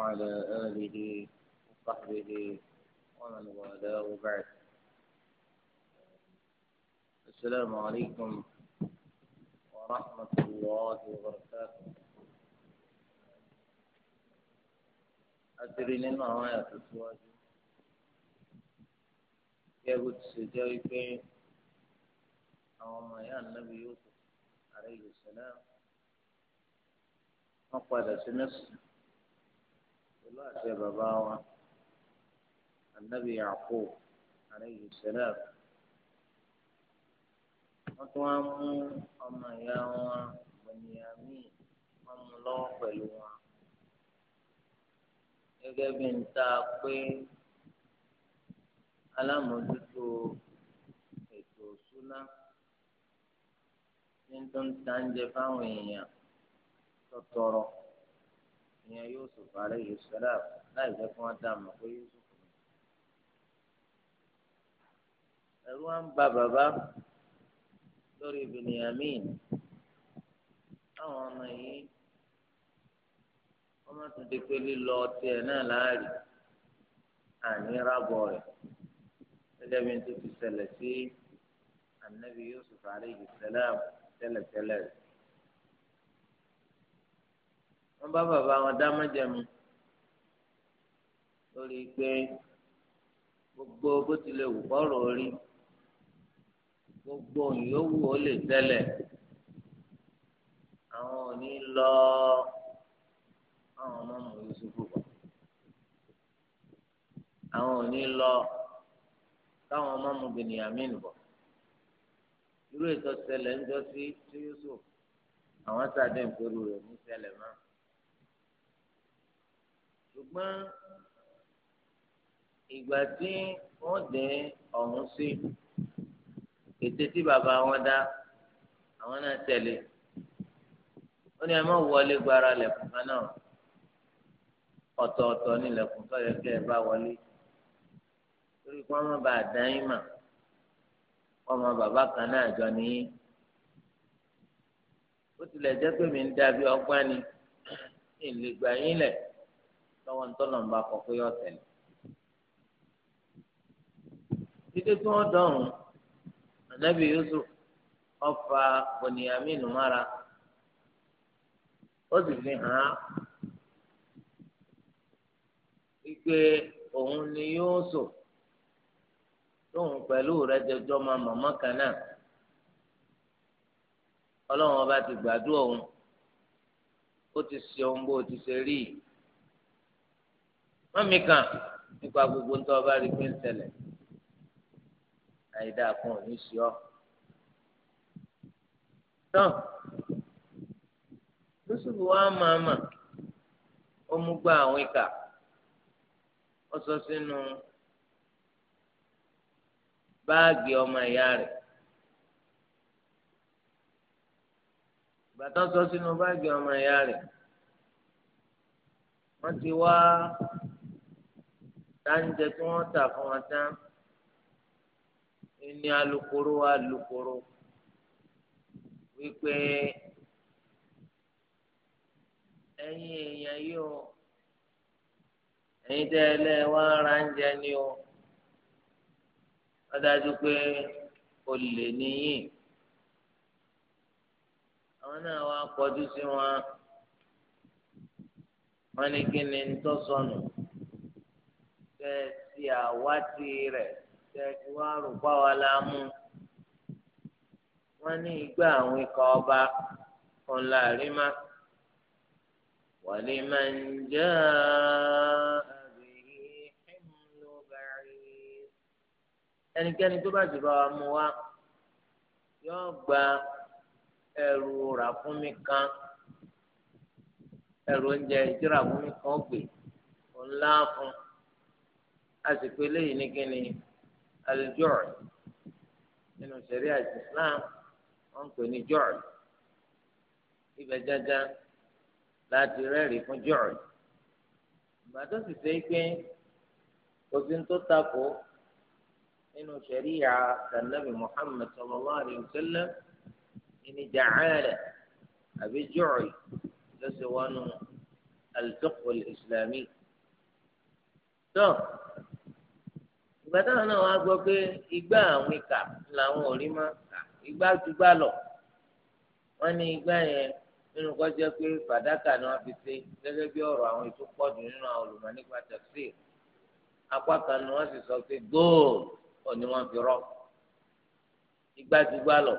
وعلى آله وصحبه ومن والاه بعد السلام عليكم ورحمة الله وبركاته أدري لنا رواية الزواج يقول السجايب أو ما يا النبي يوسف عليه السلام ما قال سنصر pẹ̀lú àṣẹ bàbá wa anabi Yaqub alayhi salam wọ́n tún wá mú ọmọ ìyá wọn bẹ̀nyàmí wọ́n mú lọ́wọ́ pẹ̀lú wọn gẹ́gẹ́ bí n ta pé alámòójútó ètò òṣúná ní tó ń ta ń jẹ fáwọn èèyàn tọ́tọrọ ìyẹn Yusuf alayhi salam láì jẹ́ kí wọ́n dá mọ̀ pé Yusuf ni. ẹ̀rù wa ń ba bàbá lórí Bìnìyàmín táwọn ọmọ yìí wọ́n má tún di pé lílọ tiẹ̀ náà láàrí àní rábọ̀ rẹ̀ gẹ́gẹ́ bí n tó ti ṣẹlẹ̀ sí anabi Yusuf alayhi salam tẹ́lẹ̀tẹ́lẹ̀ rẹ̀ wọ́n bá bàbá wọn dá májẹ̀mú lórí pé gbogbo bó tilẹ̀ wù kọ́rọ̀ orí gbogbo yòówù ó lè tẹ́lẹ̀ àwọn ò ní lọ àwọn ọmọ mọ̀ yusufu àwọn ò ní lọ káwọn ọmọ mọ̀ bìnìyàmínú bọ̀ irú ètò ń jọ sí tí yusuf àwọn sàdé ìpẹ́rù rẹ̀ ní ṣẹlẹ̀ máa ṣùgbọ́n ìgbà tí wọ́n dé ọ̀hún sí ètè tí bàbá wọn dá àwọn náà tẹ̀lé ó ní ẹ má wọlé gbára lẹ̀kùn kan náà ọ̀tọ̀ọ̀tọ̀ ní lẹ̀kùn tó yẹ kẹ́ ẹ bá wọlé torí kí wọ́n má bàa dán yín mà ọmọ bàbá kan náà jọ nìyí ó tilẹ̀ jẹ́ pé mi ń dàbí ọgbọ́n ni ìlẹ̀gbà yín lẹ̀ lọ́wọ́ ntọ́nà ń bá kọ pé yọ tẹ̀lé títí tí wọ́n dọ̀rùn ànábì Yusuf ọfà bọ̀nìyàmínú mára ó sì fi hàn án wípé òun ni Yusuf tóun pẹ̀lú rẹ̀ jẹjọ́ ma màmá kan náà ọlọ́run ọba ti gbàdúrà òun ó ti ṣe ohun bó ti ṣe rí i wọn mi kàn nípa gbogbo ń tọ́ ọba rí pé ń tẹ̀lẹ̀ àyídá kan ò ní sí ọ. tán lóṣùbù wa máa mà ó mú gba àwọn ìkà ó sọ sínú báàgì ọmọ ìyá rẹ̀. bàtà sọ sínú báàgì ọmọ ìyá rẹ̀ wọ́n ti wá. Wa táǹjẹ tí wọ́n tà fún wọn tán ní alukoro alukoro wípé ẹ̀yin èèyàn yìí o ẹ̀yin tẹ́ ẹlẹ́ wá ara ń jẹ ni o wọ́n dájú pé olè níyìn àwọn náà wá kọjú sí wọn wọ́n ní kí ni ń tọ́ sọnù. So tẹ ti àwátì rẹ̀ tẹ ti wá rò pa ní igbá àwọn ikọ̀ ọba kan láàrin má wàlẹ máa ń jẹ ẹnikẹ́ni tó bá ti bá wa mú wa yóò gba ẹrù ràkúnmí kan ẹrù oúnjẹ àsìkò eléyìí ní kí ni aljọ́ọ̀ nínú sẹ̀ríà Islam wọ́n ń pè ní jọ́ọ̀ ibẹ̀ jájá láti rẹ́rìí fún jọ́ọ̀ ìbàdàn sì ṣe pé kò sí ní tó takò nínú sẹ̀ríà tànàbì Muhammad sallallahu alayhi ìní jàcálẹ̀ àbí jọ́ọ̀ lọ́sẹ̀ wọnú al-fiqh al ìgbà táwọn náà wá gbọ́ pé igbá àwọn ìkà làwọn ò rí mọ́ igbá dùgbà lọ wọ́n ní igbá yẹn nínú kọ́ jẹ́ pé fàdákà ni wọ́n fi ṣe gẹ́gẹ́ bí ọ̀rọ̀ àwọn ètò pọ̀jù nínú àwọn olùmọ̀ nípa tẹ̀sí apá kan ni wọ́n sì sọ pé góòlù ò ní wọ́n fi rọ́ igbá dùgbà lọ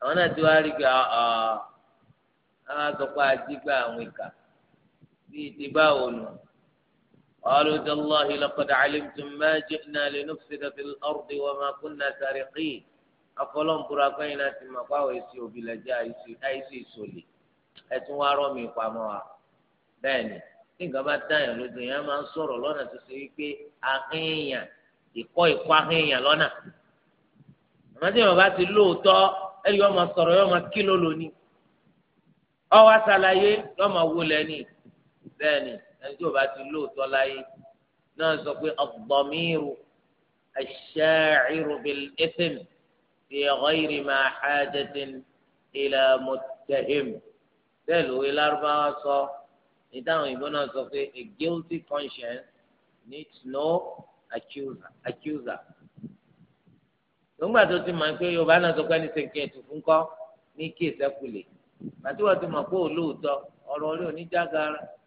àwọn náà ti wá rí pé àwọn àtọ́kọ́ ajígbà àwọn ìkà bíi ti báwo nù. قالوا تالله لقد علمتم ما جئنا لنفسد في الأرض وما كنا سارقين أقولون براكين أتما قاوة يسيو بلجا يسيو سولي أتوا رامي قاموا بني nígbà bá dáyàn lójú yẹn máa ń sọ̀rọ̀ lọ́nà tó lọ́nà. ẹni tí o bá ti lóòótọ́ láyé náà sọ pé ad-damiru ash-sha'iru bil-ithm fi ghayri ma hajatin ila muttahim lárúbáwá sọ ìdáhùn ìbọn náà sọ pé a guilty conscience needs no accuser. accuser lọ́gbà tó ti mọ̀ pé yorùbá náà sọ pé ẹni sèké ẹ̀tù fún kọ́ ní kí èsẹ́kù lè màtí wọ́n ti mọ̀ pé òlóòótọ́ ọ̀rọ̀ orí oníjàgara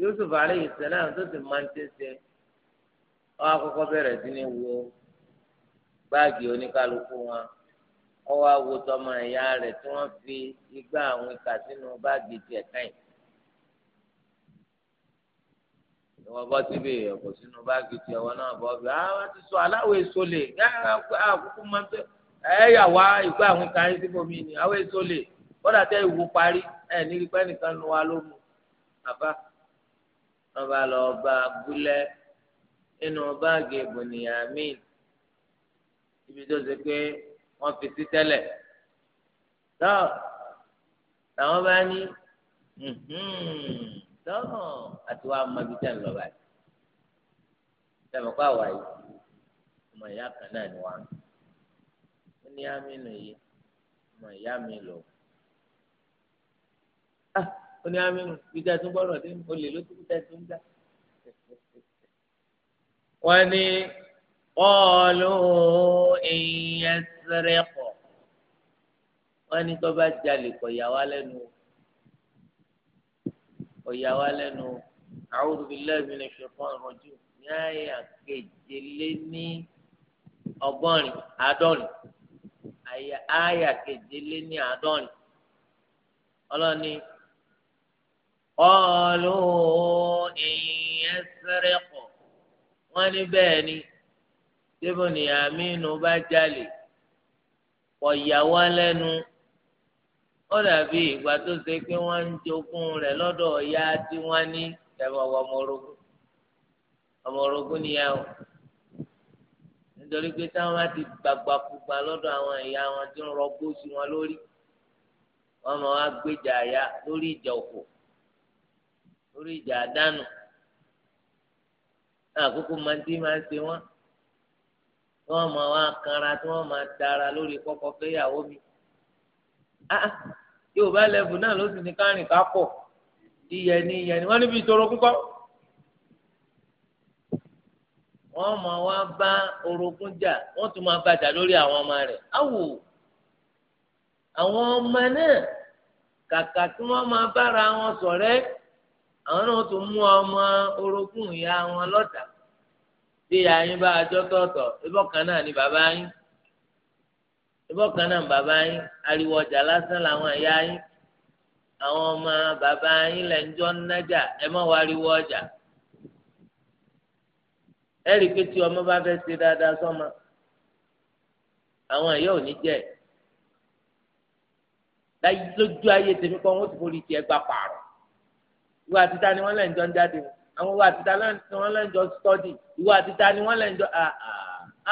yusuf aleyhi salam tó sì máa ń tẹsẹ wọn àkọ́kọ́ bẹ̀rẹ̀ sí ní wo báàgì oníkálukú wọn wọn wá wo tọmọ ìyá rẹ̀ tí wọn fi igbá àwọn ìka sínú báàgì tiẹ̀ káyìn ìwọ bọ síbi ẹ̀kọ́ sínú báàgì tiẹ̀ wọn náà bọ bí ah, wọn ti sọ aláwọ èso lè àkókò máa ń tẹ ẹ yà wá ìgbà àwọn ìka yín síbòmí ni àwọn èso lè kódà tẹ ìwò parí ẹ ní ipẹ nìkan ló wá ló àbá wọn bá lọ bá abúlé nínú báàgì bùnìyàmín ibi tó ṣe pé wọn fi sí tẹ́lẹ̀ tó làwọn bá ní tó àti wàá mọ ibi ń lọ báyìí tẹmọ kó àwa yìí ọmọ ìyá kan náà ni wàá ó ní àmínú yìí ọmọ ìyá mi lọ. Ah, ó ní amínú bíjà tó gbọ́dọ̀ dé olè ló tún bíjà tó ń jà. wọ́n ní ọ̀ọ́lù ìyẹn sẹ́rẹ̀ pọ̀ wọ́n ní tó bá jalè kọ̀ yà lẹ́nu kọ̀ yà lẹ́nu a'udhu billahi minash shaitanir rajim ní àyè àkejì ní ọgọ́rin àádọ́rin àyà àyà ní àádọ́rin ọlọ́ni. قالوا إن يسرق wọ́n bẹ́ẹ̀ ni tẹ́bù ní àmínú bá jalè ọ̀yàwó lẹ́nu ó dàbí ìgbà tó ṣe pé wọ́n ń jogún rẹ̀ lọ́dọ̀ ọ̀yá tí wọ́n ní tẹ̀wọ̀ ọmọ orogún ọmọ orogún nítorí pé táwọn bá ti gbàgbà kúgbà lọ́dọ̀ àwọn ìyá wọn tí ń rọgbó sí wọn lórí wọ́n máa wá gbèjà àyà lórí ìjà orí ìjà àdánù àkókò máa ń tí máa ń se wọn tí wọn máa wá kanra tí wọn máa dára lórí kọkọ fẹyàwó mi ah, bá lẹ́bù náà ló sì ní kárìn kápọ̀ iyẹ ni ni wọ́n níbi ìṣòro wọ́n máa wá bá orogún jà wọ́n tún máa bàjà lórí àwọn ọmọ rẹ̀ awò àwọn ọmọ náà kàkà tí wọ́n máa bára wọn àwọn náà tún mú ọmọ orogún ìyá wọn lọ́tà bí ìyá yín bá ajọ́ tọ̀tọ̀ ibọ̀ kan náà ni bàbá yín ibọ̀ kan náà bàbá yín ariwo ọjà lásán làwọn ìyá yín àwọn ọmọ bàbá yín lẹ̀ ń jọ nájà ẹ má wá ariwo ọjà ẹ rí i pé tí ọmọ bá fẹ́ ṣe dáadáa sọ́mọ àwọn ẹ̀yọ́ ò ní jẹ́ ẹ̀ lójú ayé tèmi kan wọ́n ti forí tiẹ̀ gba pààrọ̀ ìwọ àti ta ni wọ́n lẹ́ ń jọ ń jáde o àwọn ìwọ àti ta ni wọ́n lẹ́ ń jọ stọ́dì ìwọ àti ta ni wọ́n lẹ́ ń jọ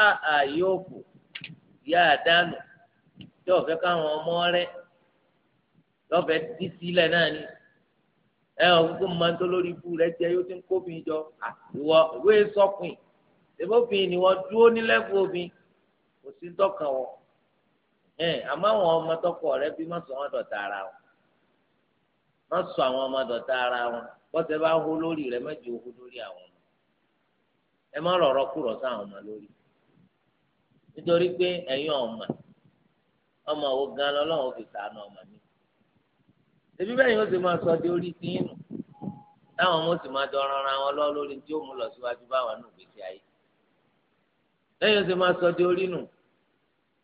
àà yóò fò yá àdánù tí ọ̀fẹ́ káwọn ọmọ rẹ lọ́fẹ̀ẹ́ dí sílẹ̀ náà ni ẹ ọ gbogbo máa ń tó lórí ibú rẹ jẹ yóò ti ń kófin jọ ìwọ ìwé sọkùn ìbófin ni wọn dúró ní lẹ́fù obìn kò sí tọkàn wọn ẹ àmọ́ àwọn ọmọ tọkọ rẹ bí mọ̀sán wọn dọ̀tà ara wọn má sọ àwọn ọmọ dọ̀tá ara wọn bọ́sẹ̀ bá hó lórí rẹ mẹ́jọ hó lórí àwọn ọmọ ẹ má rọ̀rọ̀ kúrọ̀ sáwọn ọmọ lórí nítorí pé ẹ̀yin ọ̀mà ọmọ wo gan lọ́lọ́run fi sàánú ọmọ mi ebi bẹ́ẹ̀ yóò ṣe máa sọ di orí tí yín nù táwọn ọmọ sì máa dọ̀rọ̀ ara wọn lọ lórí tí ó mú lọ síwájú báwọn nù gbèsè ayé bẹ́ẹ̀ yóò ṣe máa sọ di orí nù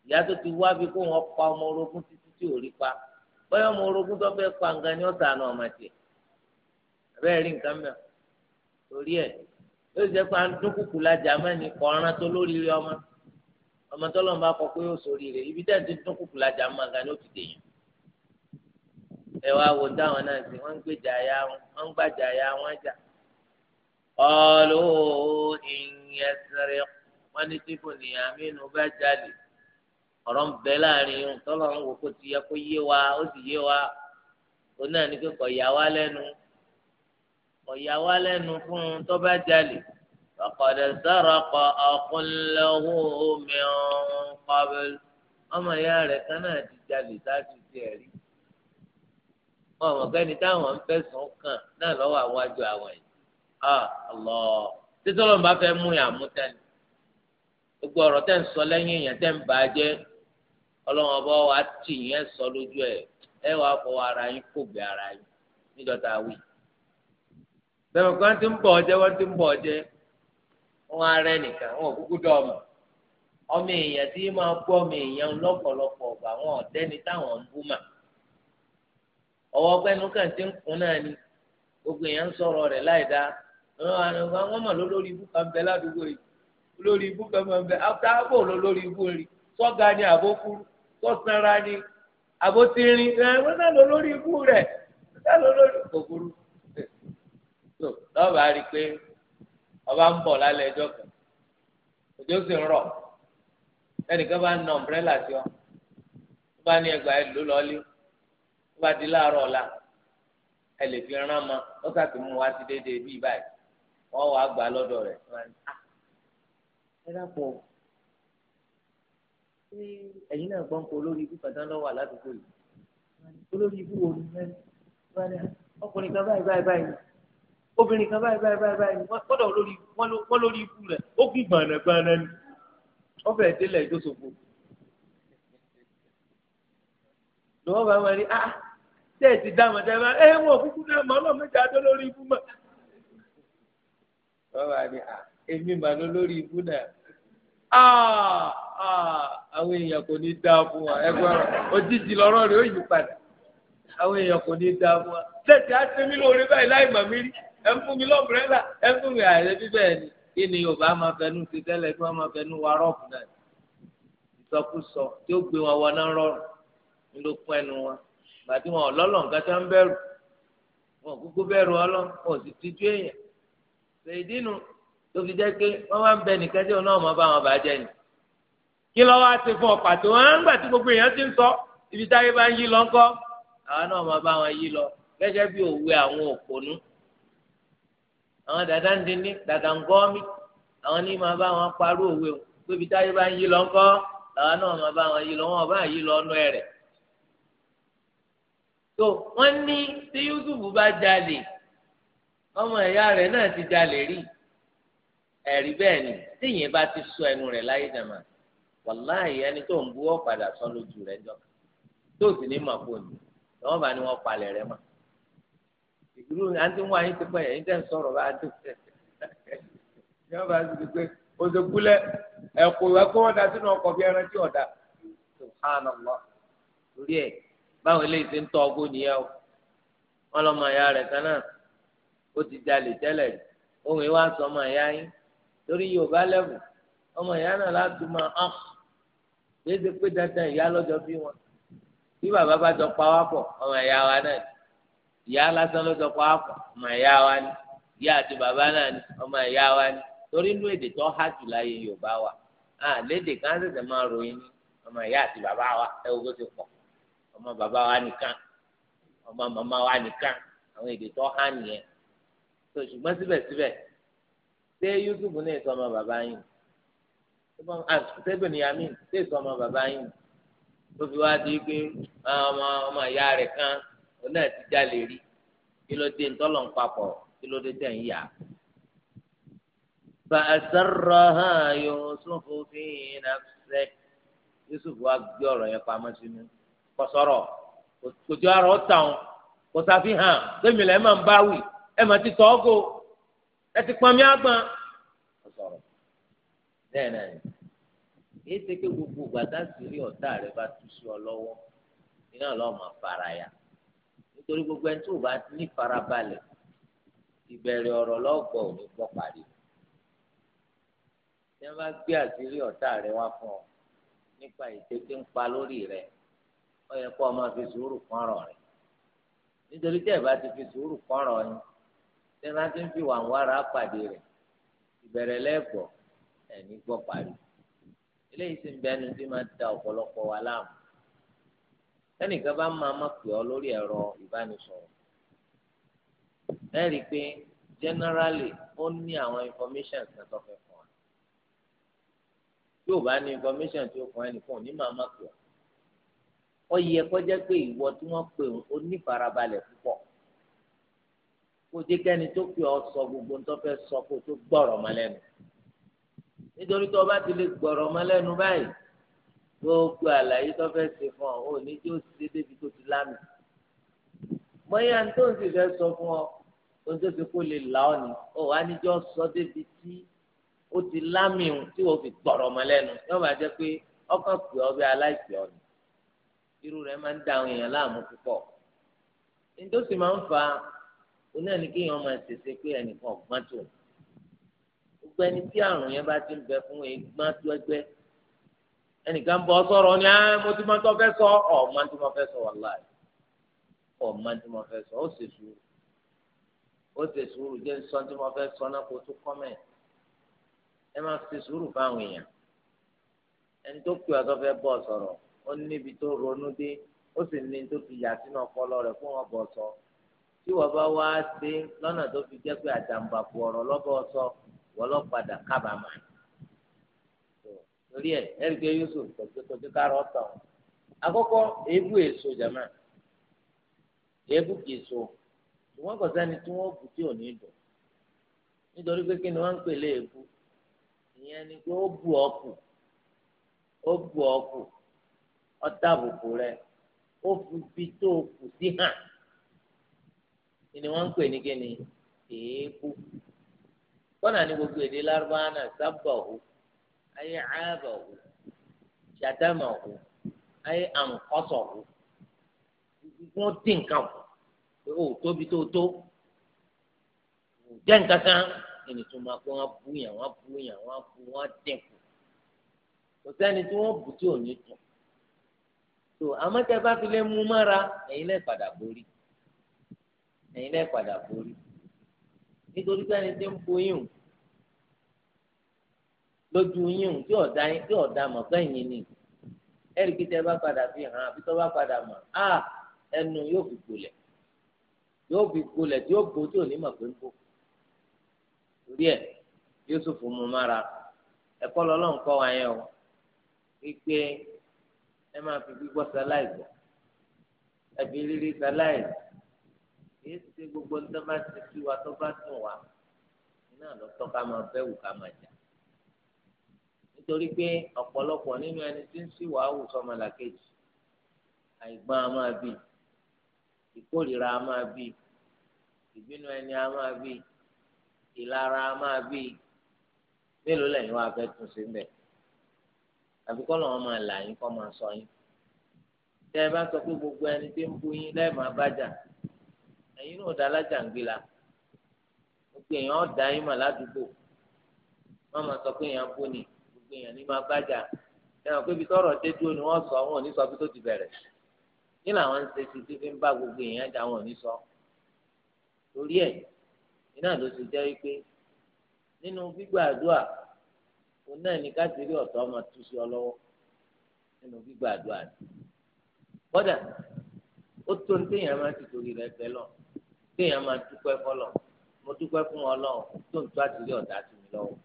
ìyá tó ti wá bí kó wọn pa ọmọ orogún títí tí ò rí pa bọ́yọ̀ mo orogún tó fẹ́ pa nǹkan ni ó sànù ọmọ tiẹ̀ abẹ́rẹ́ rí nǹkan mẹ́ọ̀ torí ẹ̀ yóò jẹ́ pé à ń dún kùkù lajà mẹ́ni kọ̀ọ̀ràn tó lóríire ọmọ ọmọ tọ́lọ́ bá kọ pé ó sóríire ibi tẹ́ ẹ̀ ti dún kùkù lajà mọ́ nǹkan ni ó ti dèyàn ẹ wá wo táwọn náà sí wọ́n ń gbèjà ya wọ́n ń gbàjà ya wọ́n jà ọlọ́ọ̀ ìyẹn sẹ́rẹ̀ wọ́n ní tí kò níyàmínú bá jalè. ọ̀rọ̀ ń bẹ láàrin irun tọ́lọ̀ ń wo kó ti yẹ kó wa ó sì yé wa ó náà ní pé kò yà wá lẹ́nu lẹ́nu fún un tó bá jalè ọ̀kọ̀dẹ̀ kọ ọ̀kúnlẹ̀wò ọmọ ìyá rẹ̀ kan náà ti jalè sáájú tiẹ̀ rí ọmọ kẹ́ni táwọn ń fẹ̀sùn kàn náà lọ́wọ́ àwọn àjọ àwọn yìí bá fẹ́ mú gbogbo ọ̀rọ̀ tẹ́ ń sọ lẹ́yìn ọlọ́run ọba wa tì yín sọ lójú ẹ ẹ wàá ara yín kò gbé ara yín níjọta wí. bẹ́ẹ̀ kí wọ́n ti ń bọ̀ ọ́ jẹ́ wọ́n ti ń bọ̀ ọ́ jẹ́ wọ́n arẹ nìkan wọ́n kúkú dọ̀ọ̀mù ọmọ èèyàn tí máa ọmọ èèyàn lọ́pọ̀lọpọ̀ ọ̀gbà wọn ọ̀dẹ́ni táwọn ń bú mà ọwọ́ kàn ti ń náà ni gbogbo èèyàn ń sọ̀rọ̀ rẹ̀ láì wọ́n mọ̀ lórí kó sanra ni àbótirin ẹ wọ́n náà lọ lórí ikú rẹ̀ wọ́n náà lọ lórí kòkòrò tó lọ́ọ̀bà rí i pé ọba ń bọ̀ lálẹ́ ẹjọ́ kan òjò sì ń rọ̀ ẹnìkan bá ń na ọ̀mbrẹ́là sí ọ tó bá ní ẹgbàá ẹ lò tó bá di láàárọ̀ ọ̀la ẹ lè fi rán ma ó sà mú wa sí déédéé bíi báyìí wọ́n wàá gbà lọ́dọ̀ rẹ̀ ah, ẹ dápọ̀ ẹ̀yin náà gbọ́n kó olórí ibú kàtá lọ́wọ́ aládùúgbò yìí olórí ibú wo ni mẹ́rin ọkùnrin kan báyìí báyìí báyìí obìnrin kan báyìí báyìí báyìí wọ́n lórí wọ́n lórí ibú rẹ̀ ó kún gbànàgbànà ni ọbẹ̀ délẹ̀ ìjọsọ̀fọ̀ lọ́wọ́ bá wọn rí ah tẹ́ ẹ̀ ti dá mọ̀ tẹ́ ẹ bá ẹ wọ́n kúkú náà mọ̀ ọlọ́run mẹ́ta tó lórí ibú mọ̀ lọ́wọ́ bá ní ah èmi mà lọ lórí Ah, ah, àwọn èèyàn kò ní dáa fún wa ẹgbẹ́ rẹ̀ òjijì lọ́rọ́ rẹ̀ ó yí padà àwọn èèyàn kò ní dáa fún wa tẹ̀sí á ṣe mí lóore báyìí láì mọ̀ mí rí ẹ̀ ń fún mi lọ́bùrẹ́là ẹ̀ ń fún mi àìrẹ́ bíbẹ̀ ni kí ni Yorùbá máa fẹnu ti tẹ́lẹ̀ kí wọ́n máa fẹnu wa rọ́ọ̀bù náà ìsọkúsọ tí ó gbé wọn náà rọrùn ní ló ẹnu wọn tó fi jẹ́ pé wọ́n máa ń bẹ nìkan tí òun náà mọ̀ bá wọn bàjẹ́ ni kí lọ́wọ́ á ti fún ọ pàtó wọn á ń gbà tí gbogbo èèyàn ti ń sọ ibi táyé bá ń yí lọ ńkọ́ àwọn náà máa bá wọn yí lọ gẹ́gẹ́ bí òwe àwọn òpònú àwọn dàda ń dín ní dàda ń gọ́ọ́mí àwọn ní máa bá wọn parú òwe o pé ibi táyé bá ń yí lọ ńkọ́ àwọn náà máa bá wọn yí lọ wọn ò bá yí lọ ọ̀nà ẹ̀rẹ̀ tó wọ́n ní tí Yusuf bá jalè ọmọ ìyá rẹ̀ náà ti jalè rí ẹ̀rí bẹ́ẹ̀ ni téèyàn bá ti sọ ẹnu rẹ̀ láyé jàmà wàláhì ẹni lójú rẹ̀ jọ tó sì ní ni lọ́wọ́ bá ní wọ́n palẹ̀ rẹ̀ mà ìdúró àti wọn àyín ti pẹ́ yẹn ń sọ̀rọ̀ bá ti pẹ́ yọ́n bá ti di pé oṣogúnlẹ̀ ẹ̀kọ́ ẹ̀kọ́ bí ẹran tí ọ̀dà subhanallah torí ẹ̀ báwo tọ́ ọgbó nìyẹn o wọn rẹ̀ kan náà ó ti jalè tẹ́lẹ̀ ohun torí yorùbá lẹ́wù ọmọ ìyá náà láti máa hàn léde pé dandan ìyá lọ́jọ́ bí wọn bí bàbá bá jọ pa wá pọ̀ ọmọ ìyá wa náà ìyá lásán lọ́jọ́ pa wá pọ̀ ọmọ ìyá wa ni ìyá àti bàbá náà ni ọmọ ìyá wa ni torí inú èdè tó há jù láyé yorùbá wa à léde kan ṣẹ̀ṣẹ̀ máa ròyìn ní ọmọ ìyá àti bàbá wa ẹ wo bó ti pọ̀ ọmọ bàbá wa nìkan ọmọ màmá wa nìkan àwọn èdè tó há nìyẹn ṣé yusuf ní ìsọmọ bàbá yín sẹ́gbẹ̀ẹ́ niyamin ṣé ìsọmọ ah, bàbá yín tó fi wá di pé ah, ọmọ ọmọ ìyá rẹ̀ kan òun náà ti jalè rí kí ló dé ntọ́lọ̀ ń papọ̀ kí ló dé tẹ̀ ń yà. فأسرها يوسف في نفسه yusuf wa gbé ọ̀rọ̀ yẹn pamọ́ sínú kọsọrọ kòjọ àrò tàn kòsàfihàn gbẹmìlẹ ẹ máa ń báwì ẹ máa ti tọ́ ọ́ kó ẹ ti pọnmi àgbọn ọ̀sọ̀rọ̀ bẹ́ẹ̀ náà ni èyí ṣe pé gbogbo gbàdá sí rí ọ̀tá rẹ bá tú sí ọ lọ́wọ́ iná lọ́mọ fara ya nítorí gbogbo ẹni tó bá ní farabalẹ̀ ìbẹ̀rẹ̀ ọ̀rọ̀ lọ́gbọ̀ọ́ ò ní gbọ́ parí tí wọ́n bá gbé àṣírí ọ̀tá rẹ wá fún ọ nípa ìtẹ́kẹ́ ń pa lórí rẹ ó yẹ kó o máa fi sùúrù kọ́rọ̀ rẹ nítorí tẹ́ ẹ bá ti fi sùúrù kọ́rọ̀ yín tẹ́lá ti ń fi wàǹwàrà pàdé rẹ̀ ìbẹ̀rẹ̀ lẹ́gbọ̀ọ́ ẹ̀ní gbọ́ parí eléyìí sì ń bẹnu tí máa da ọ̀pọ̀lọpọ̀ wa láàmú ẹnìkan bá máa má pè ọ lórí ẹ̀rọ ìbánisọ̀rọ̀ ẹ rí pé generally ó ní àwọn information kan tó fẹ́ fún wa tí bá ní information tí ó fún ẹnìkan ò ní máa má pè ọ ó yẹ kó jẹ́ pé ìwọ tí wọ́n pè ó ní farabalẹ̀ púpọ̀ kó jẹ́ kẹ́ni tó pè ọ́ sọ gbogbo ń tó fẹ́ sọ kó tó gbọ́rọ̀ mọ́ lẹ́nu nítorí tó o bá ti lè gbọ́rọ̀ mọ́ lẹ́nu báyìí gbogbo àlàyé tó fẹ́ ṣe fún ọ ò ní tí ó ṣe débi tó ti lámì mọ́yà tó ń sì fẹ́ sọ fún ọ ohun tó fi kó lè là ọ́ ni ó wà níjọ́ sọ débi tí ó ti lámì tí wọ́n fi gbọ́rọ̀ mọ́ lẹ́nu yóò máa jẹ́ pé ọkàn pè ọ́ bí aláìsí ọ ni irú rẹ̀ máa ń da àwọn èèyàn láàmú púpọ̀ ní tó sì máa ń fa ó náà ní kéèyàn máa ṣèṣe pé ẹnìkan ọ̀gbọ́n tó gbogbo ẹni tí àrùn yẹn bá ti ń bẹ fún ẹgbọ́n tó ẹgbẹ́ ẹnìkan ń bọ sọ̀rọ̀ ni ah, mo ti máa tó fẹ́ sọ ọ̀ máa tó máa fẹ́ sọ wàláì ọ̀ máa tó máa fẹ́ sọ ó sì sùúrù ó sì sùúrù jẹ́ sọ tí mo fẹ́ sọ náà kó tó kọ́mẹ̀ ẹ máa fi sùúrù fáwọn èèyàn ẹni tó pè ọ́ tó fẹ́ bọ̀ sọ̀rọ̀ ó níbi tó ronú dé ó sì ní tó fi yà sínú ọpọlọ rẹ̀ fún ọ tí wọ́n bá wá sí lọ́nà tó fi jẹ́ pé àjàǹbàkù ọ̀rọ̀ lọ́bọ̀ sọ wọ́n lọ padà kábàámà torí ẹ Yusuf kọjú kárọ̀ akụkọ àkọ́kọ́ èébú èso jama èébú kì so sẹ́ni tí wọ́n bù tí ò ní dùn nítorí pé kí ni wọ́n ń pè ìyẹn ni pé ó bù ọ́ ni wọ́n ń pè ní kíni èébú kọ́nà ní gbogbo èdè lárúbáwá náà sábàwò ayé àbàwò ṣàtàmàwò ayé àǹkọ́sọ̀wò wọ́n dín nǹkan kù pé o tóbi tó tó o jẹ́ nǹkan kan ẹni tó máa pé wọ́n bú yàn wọ́n bú yàn wọ́n bú wọ́n dín kù kò sẹ́ni tí wọ́n bù tí ò ní tù tó àmọ́ tẹ́ bá fi lè mú mára ẹ̀yin lè borí. ẹ̀yin náà padà borí nítorí pé tí ń bo yín lójú yín tí ọ̀dà yín tí ọ̀dà mọ̀ ni ẹ̀rí bá padà fi hàn àbí tọ́ bá padà mọ̀ á ẹnu yóò fi gbolẹ̀ tí yóò bo tí ò ní mọ̀ pé ń bo o ẹ máa fi gbígbọ́ gbọ́ kì í ṣe gbogbo tó bá ti sí wa tó bá tún wa iná ló tọ́ ká máa bẹ́ wù ká máa jà nítorí pé ọ̀pọ̀lọpọ̀ nínú ẹni tí ń sí wàhálù sọmọlàkejì àìgbọ́n a máa bì ìkórìíra a máa bì ìbínú ẹni a máa bì ìlara a máa bì mélòó lẹ́yìn wá fẹ́ tún sí mbẹ̀ àfi kọ́ lọ́wọ́ máa là yín kọ́ máa sọ yín tẹ́ ẹ bá sọ pé gbogbo ẹni tí ń bú yín lẹ́ẹ̀ máa bá jà ẹ̀yin náà da alájàngbìlà gbogbo èèyàn ọ̀dà yín mà ládùúgbò wọ́n máa sọ pé èèyàn bó ni gbogbo èèyàn ní máa gbájà ẹ̀rọ pé ibi tọ́rọ̀ dé dúró ni wọ́n sọ wọn ò ní sọ bí tó ti bẹ̀rẹ̀ ní làwọn ń ṣe ti fi ń bá gbogbo èèyàn dá wọn ò ní sọ torí ẹ̀ iná ló ti jẹ́ pé nínú gbígbàdúrà òun náà ní káṣírí ọ̀tọ̀ ọmọ tú sí ọ lọ́wọ́ nínú gbígbàdúrà kódà ó tó ń téèyàn máa ti torí rẹ̀ bẹ́ lọ́wọ́ kéèyàn máa dúpẹ́ fọlọ́ mo dúpẹ́ fún ọlọ́run tó ń tó àtìlẹ́ ọ̀dà sí mi lọ́wọ́.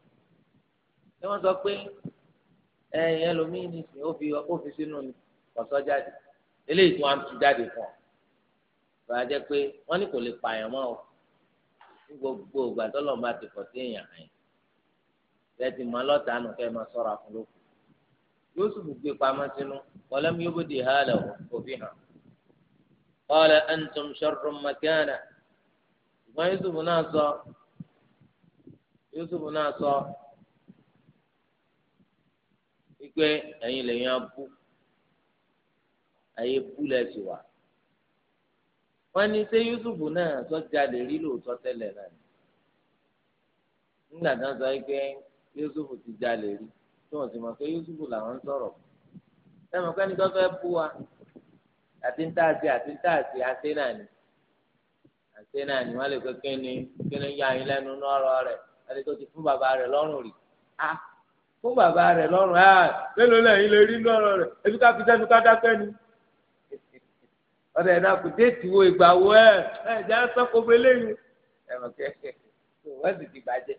ṣé wọ́n sọ pé ẹ̀yìn ẹlòmíín nìsín ó fi ó fi sínú ọ̀sọ́ jáde eléyìí tí wọ́n á tún jáde fún ọ. bàbá jẹ́ pé wọ́n ní kò lè pààyàn mọ́ ọ ní gbogbo ìgbà tó lọ́ọ́ bá ti pọ̀ sí èèyàn rẹ̀. bẹ́ẹ̀ ti mọ ọlọ́ta nù kẹ́ máa sọ́ra fún lókun. yóò sì gbé pamọ́ sínú kọ́lẹ́mú yóò bó di hàlẹ́ òfin hàn. qala antum sharrun makana wọn Yusuf náà sọ Yusuf náà sọ wípé ẹ̀yin lèyìn abú ayé bú lẹsì wá wọn ní ṣé Yusuf náà sọjà lè rí lóòótọ́ tẹ́lẹ̀ náà nígbà tí wọn sọ wípé Yusuf ti jalè rí tí wọn sì mọ̀ pé Yusuf làwọn ń sọ̀rọ̀ sẹmọ pé ẹni tó fẹ́ bú wa àti ń tà sí àti ń tà sí àti náà ni àti náà ni wọ́n lè pé kí ni kí ni yá yín lẹ́nu lọ́rọ̀ rẹ̀ ẹni tó ti fún bàbá rẹ̀ lọ́rùn rí a fún bàbá rẹ̀ lọ́rùn a mélòó lẹ́yìn lè rí lọ́rọ̀ rẹ̀ ebi ká fi sẹ́nu ká dákẹ́ ni ọ̀dọ̀ ẹ̀ náà kò déètì wo ìgbà wo ẹ̀ ẹ̀ jẹ́ sọ́kò gbẹlẹ́yìn ẹ̀ mọ̀ kẹ́kẹ́ wọ́n sì ti bàjẹ́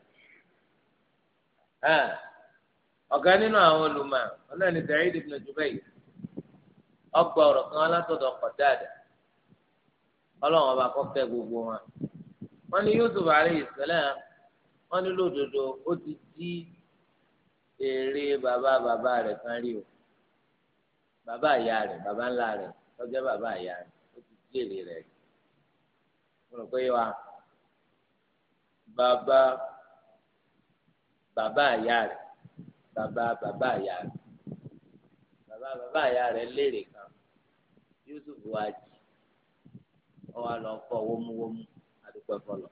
ọ̀gá nínú àwọn olùmọ̀ ọlọ́ọ̀ni Sa'id ibn Jubayr ọgbà ọ̀rọ̀ kan alátọ̀dọ̀ Qatada ọlọ́run ọba kọ́kẹ́ gbogbo wọn. wọ́n ní Yusuf alayhi salam wọ́n ní lódodo ó ti jí èrè bàbá bàbá rẹ̀ kan rí o bàbá ìyá rẹ̀ bàbá ńlá rẹ̀ tọ́jọ́ bàbá ìyá rẹ̀ ó ti jí èrè rẹ̀ rí. mo rò pé wa bàbá bàbá ìyá rẹ̀ bàbá bàbá ìyá rẹ̀ bàbá bàbá ìyá rẹ̀ léèrè kan Yusuf wá ọwọ́ àlọ́ kọ́ wómúwómú àdúgbò ẹ̀fọ́ lọ.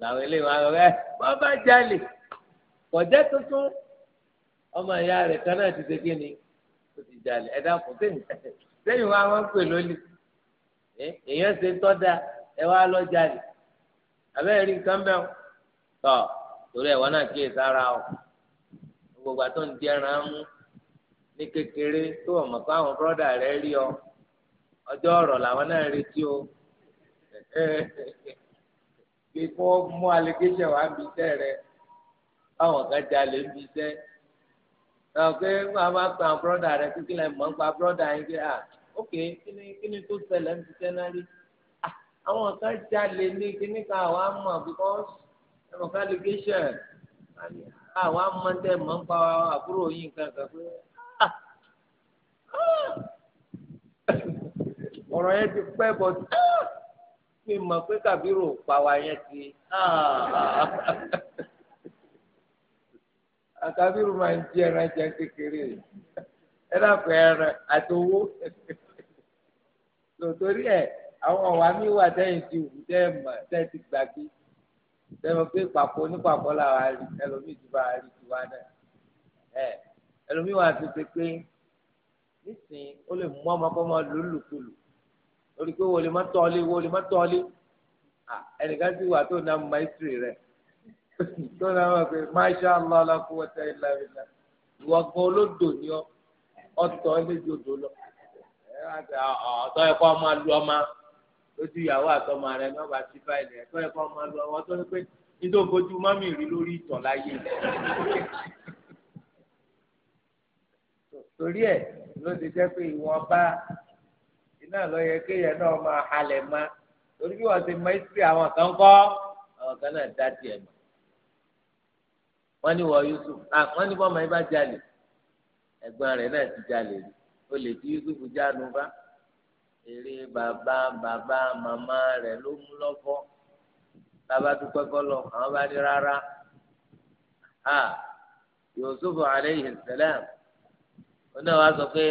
làwọn eléyìí wọn àgbẹ̀ wọn bá jalè kọjá tuntun ọmọ ìyá rẹ kan náà ti ṣe kí ni O ti jalè ẹ̀dá wọn pè èèyàn ṣe ń ẹ wá lọ jalè rí nǹkan bẹ́ẹ̀ torí náà ọ. gbogbo àtọ́ ní ti ẹran mú ní kékeré tó ọmọ kó rẹ rí ọ ọjọ́ ọ̀rọ̀ làwọn náà retí o bí wọ́n mú allegation wá bí iṣẹ́ rẹ báwọn kan jalè ń bí iṣẹ́ ọ̀kẹ́ máa bá pa àwọn bọ́dà rẹ kí kílẹ̀ mọ́ pa bọ́dà yín kí ah ok kíni kíni tó ṣẹlẹ̀ ń bí iṣẹ́ náà rí àwọn kan jalè ní kíní kan àwọn á mọ̀ because ẹ̀rọ kan allegation àwọn á mọ̀ tẹ̀ mọ́ pa àbúrò yín kankan pé ọ̀rọ̀ yẹn ti pẹ́ bọ̀ ah, mi mọ̀ pé kàbírò pàwá yẹn ti àkàbírò ah. máa ń di ẹran jẹ kékeré ẹ dàpọ̀ ẹran àti owó lòtórí ẹ̀ àwọn ọ̀wá mi wà tẹ́yìn ti wù tẹ́ ẹ̀ mọ̀ tẹ́ ti gbàgbé tẹ́ mọ̀ pé pàpọ̀ onípàpọ̀ làwọn àrí ẹlòmíì ti bá àrí tiwa náà ẹlòmíì wà tó pé nísìnyí ó lè mú ọmọ lòlùkulù lórí pé wo lè má tọ́lé wo lè má tọ́lé ẹnìkan sì wà tó náà mọ ìtìrì rẹ tó náà wà pé masha allah la quwwata illa billah ìwọ gan olódò ni ọ ọtọ ẹlẹjọ odò lọ ọtọ ẹ kọ máa lu ọmọ lójú ìyàwó àtọmọ rẹ ní ọba tí báyìí rẹ ọtọ ẹ kọ máa lu ọmọ ọtọ ni pé nítorí ojú mami rí lórí ìtàn láyé torí ẹ ló ti jẹ pé ìwọ bá iná lọ yẹ kéèyàn náà máa halẹ̀ ma torí bí wọ́n ti mọ ìsì àwọn kan kọ́ àwọn kan náà dá tiẹ̀ mọ́ wọ́n ní wọ́n Yusuf wọ́n ní bọ́ ọmọ yìí bá jalè ẹ̀gbọ́n rẹ̀ náà ti jalè ó lè ti Yusuf jánu bá eré bàbá bàbá màmá rẹ̀ ló mú lọ́fọ́ bàbá dúpẹ́ kọ́lọ̀ àwọn bá ní rárá Yusuf aleyhi salam ó náà wá sọ pé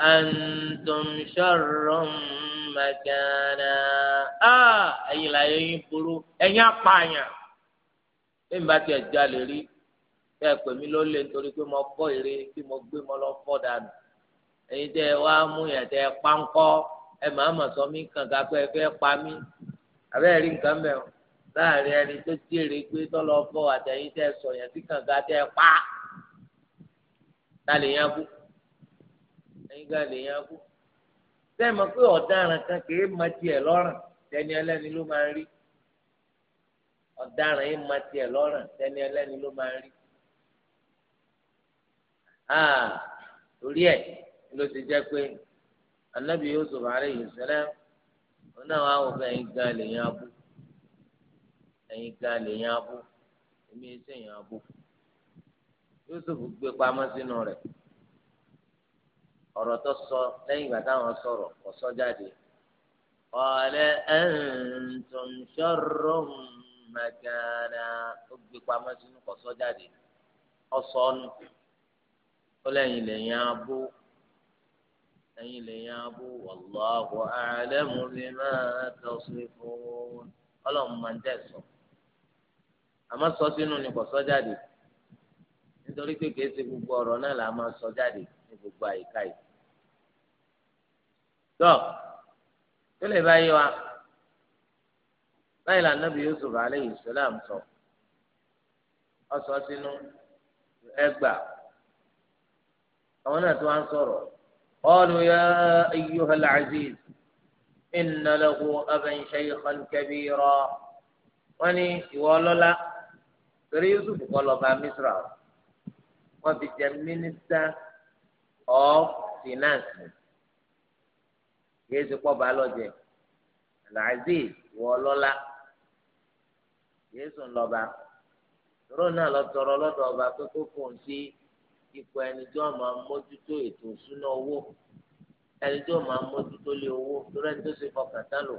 antum sharrum makana aa ah, ẹ̀yin la ẹ̀yin burú ẹ̀yin apààyàn bí n bá tiẹ̀ jalè rí bẹ́ẹ̀ pè mí ló lé nítorí pé mo kọ́ èrè tí mo gbé mo lọ fọ́ dànù ẹ̀yin tẹ́ ẹ wá mú yàn tẹ́ ẹ pánkọ́ ẹ màá mọ̀ sọ mí kànga pé ẹ fẹ́ pa mí àbẹ́ẹ̀ rí nǹkan mẹ́ o láàrin ẹni tó jèrè pé tọ́lọ́ fọ́ àtẹ̀yìn tẹ́ ẹ sọ yàn sí kànga tẹ́ pa ta lè yàn kú. ẹ̀yin gan lè yan kú sẹ́yìn pé ọ̀daràn kan ma tiẹ̀ lọ́rùn tẹni ẹlẹ́ni ló máa ń rí ọ̀daràn ma tiẹ̀ lọ́rùn tẹni ẹlẹ́ni ló máa ń rí torí ló ti anabi wa lè yan kú lè yan kú yan kú gbé pamọ́ sínú ọ̀rọ̀ tó sọ lẹ́yìn ìgbà táwọn sọ̀rọ̀ kò sọ jáde. ọ̀lẹ́ ẹ̀ǹtùm ṣọ́rọ̀m mẹ́kànnà ó gbé pamọ́ sínú kò sọ jáde ọ̀sọ́ ọ̀nù ó lẹ́yìn lẹ́yìn abó lẹ́yìn lẹ́yìn abó wallahu àmọ́ sọ sínú ni kò sọ jáde nítorí pé kìí ṣe gbogbo ọ̀rọ̀ sọ jáde ní gbogbo àyíká tọ tó lè bá yé wa báyìí lànà bí Yusuf aleyhi salam sọ ọsọ sínú ẹgbà àwọn náà tó wá ń sọ̀rọ̀ qalu ya ayyuhal aziz inna lahu aban shaykhan kabira wọn ní ìwọ ọlọ́lá torí Yusuf kọ lọba misra wọn fi jẹ mínísítà ọ fìnánsì kìí ṣe pọ́ba lọ́jẹ̀ alaziz wọ ọlọ́lá kìí sùn lọ́ba tóró náà lọ tọrọ lọ́dọ̀ ọba pé kó fòun sí ipò ẹni tí wọ́n máa mójútó ètò ìṣúná owó ẹni tí wọ́n máa mójútó lé owó torí ẹni tó ṣe fọkàn tán lò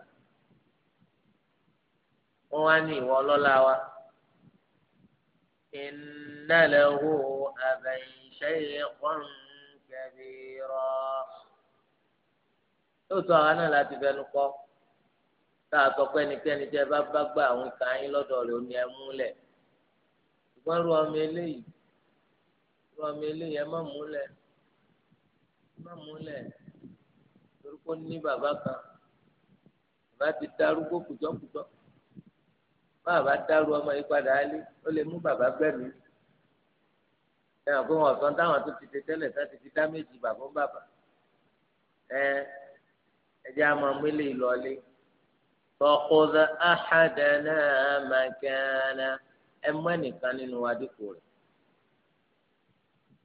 wọ́n wá ní ìwọ ọlọ́lá wa inna lahu aban shay'an kabira lóòótọ́ àwa náà láti fẹnu kọ́ tá a sọ pé ẹnikẹ́ni tẹ́ bá bá gba àwọn ìka yín lọ́dọ̀ rẹ̀ ó ní ẹ múlẹ̀ ṣùgbọ́n rú ọmọ eléyìí rú ọmọ eléyìí ẹ má múlẹ̀ ẹ má múlẹ̀ torí kó ní bàbá kan bàbá ti darúgbó kùjọ́kùjọ́ bàbá dárú ọmọ yìí padà alé ó lè mú bàbá gbẹ̀mí ẹ̀ hàn pé wọn sọ táwọn tó ti tẹ́lẹ̀ tá ti fi dá méjì bàbá ń bàbá ẹ̀ ẹjẹ́ a máa mú ilé ìlọlé fọkùdà áhàdánà màkàna ẹ mú ẹnìkan nínú adìpọ rẹ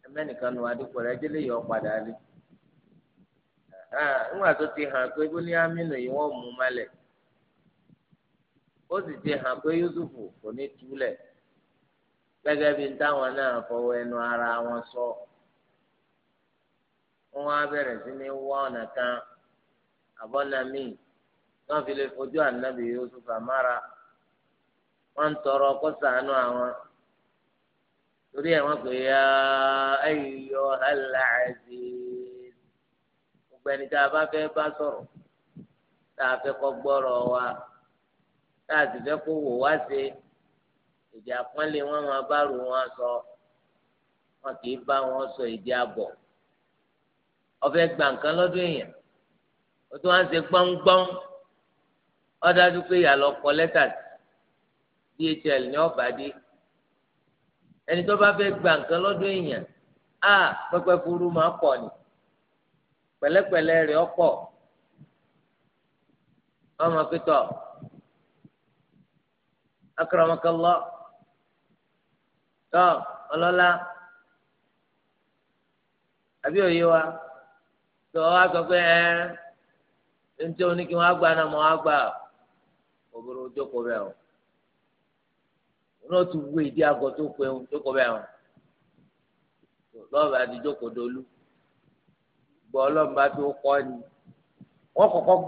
ẹ ẹnìkan nínú adìpọ rẹ ẹjẹ́ lè yọ padà lé nígbà tó ti hàn pé bóní amínú yìí wọ́n mú malẹ̀ ó sì ti hàn pé Yusufu kò ní bí táwọn náà ẹnu ara wọn sọ wọ́n á sí ní àbọ̀nà míì wọ́n fi lè fojú ànábì Yusuf àmára wọ́n ń tọrọ kó ṣàánú àwọn torí ẹ̀ wọ́n pè ya ayọ̀ aláàzì gbogbo ẹni tá a bá fẹ́ bá sọ̀rọ̀ tá a fẹ́ kọ́ gbọ́rọ̀ wa tá a sì fẹ́ kó wò wá ṣe èdè àpọ́nlé wọn máa bá rò wọn sọ wọn kì í bá wọn sọ èdè àbọ̀ ọ̀fẹ́ gbà nǹkan lọ́dún èèyàn o tún wá ń ṣe gbọ́ngbọ́n ọ̀dájú pé ìyá lọ kọ lẹ́tà DHL ní ọ̀bàdé ẹni tó bá fẹ́ gba nǹkan lọ́dún èèyàn a pẹpẹ furu máa pọ̀ ni pẹ̀lẹ́pẹ̀lẹ́ rẹ̀ ọ̀pọ̀ ọmọ pẹtọ akramakallah tọ ọlọ́lá àbí òye wa sọ pé ntí o ní kí wọn á gbà náà mọ á gbà òbúrò jókòó o wọn ìdí àgọ tó pé o jókòó bẹ́ẹ̀ o lọ́ọ̀bù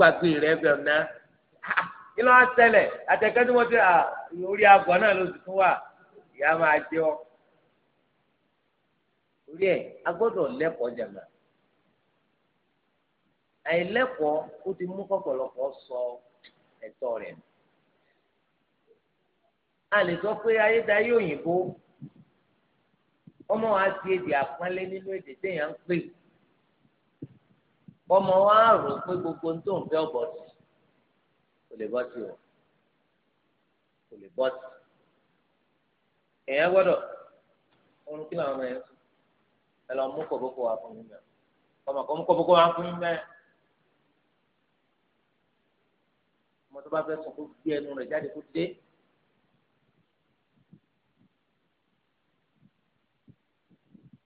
àti gbàgbé náà kí ló tẹlẹ ṣẹlẹ̀ àtẹ̀kẹ́ ti à orí náà ló tún wà ìyá máa ọ. àìlẹ́kọ̀ọ́ ó ti mú kọ̀pọ̀lọpọ̀ sọ ẹ̀tọ́ rẹ̀ a lè sọ pé ayédáyé òyìnbó ọmọ wa ti èdè àpọ́nlé nínú èdè téèyàn ń pè ọmọ wa rò pé gbogbo ń tó ń fẹ́ ọ̀bọ̀ sí kò lè bọ́ o kò lè bọ́ sí èèyàn gbọ́dọ̀ oorun kí làwọn ọmọ yẹn ẹ lọ mú kọ̀bọ̀kọ̀ wa fún mi mẹ́ ọmọ kan mú fún mi mẹ́ tó bá fẹ́ sùn kó gbé ẹnu rẹ̀ jáde kó dé.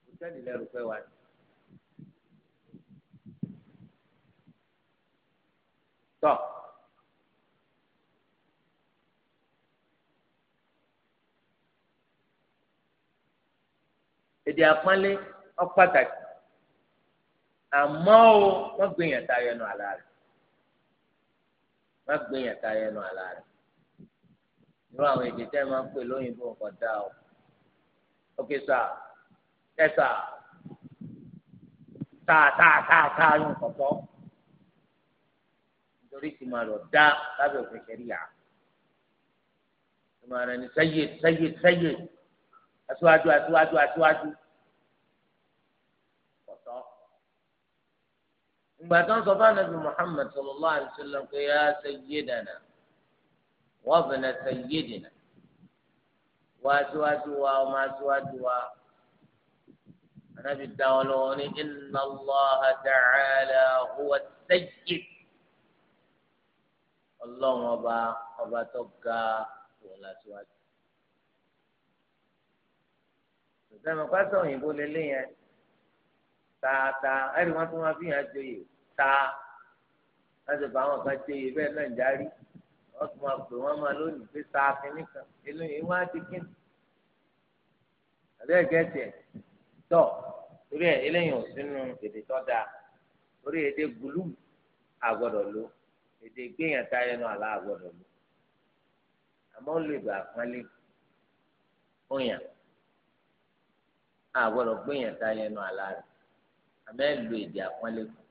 hòtẹ́ẹ̀lì lẹ́rù pẹ́ wá ní. tọ́ èdè àpọ́nlé ọ̀pàtàkì àmọ́ ó wọ́n gbìyànjú ayọ̀ nù má gbé yẹn ká yẹnu àlá rẹ irú àwọn èdè tẹ́ máa ń pè lóyìnbó nǹkan dá o ok sá ẹ sá tá tá tá tá yóò kọ̀kọ́ nítorí tí màá lọ dá lábẹ́ òfin ṣẹ̀ríyà ìmọ̀ràn ni sẹ́yìn sẹ́yìn sẹ́yìn aṣíwájú aṣíwájú aṣíwájú. aṣíwájú ìgbà tó ń sọ fún anabi muhammed sallallahu alayhi wa sallam pé ya sayyidana wa bna sayyidina wá síwájú wa ọmọ síwájú wa anabi dáwọn lọ́wọ́ ní inna allah ta'ala huwa sayyid ọlọ́run ọba ọba tó ga òun la síwájú. pásítọ̀ òyìnbó lélẹ́yìn tààtà ẹ̀rí wọn tún wá fi hàn jọyè o ta láti bá àwọn kan ṣe iye bẹ́ẹ̀ náà járí wọ́n tún máa pè wọ́n máa lónìí pé ta kínní kan eléyìí wọ́n á ti kínní àbí ẹ̀gẹ́ tiẹ̀ tọ̀ torí ẹ̀ eléyìí ò sínú èdè tó dáa torí èdè gbùlù àgbọ̀dọ̀ lò èdè gbéyàn táyé náà àlá àgbọ̀dọ̀ lò àmọ́ ó lè gbà pọ́nlé fún yàn gbéyàn táyé náà àlá rẹ̀ àmọ́ ẹ̀ lo èdè àpọ́nlé fún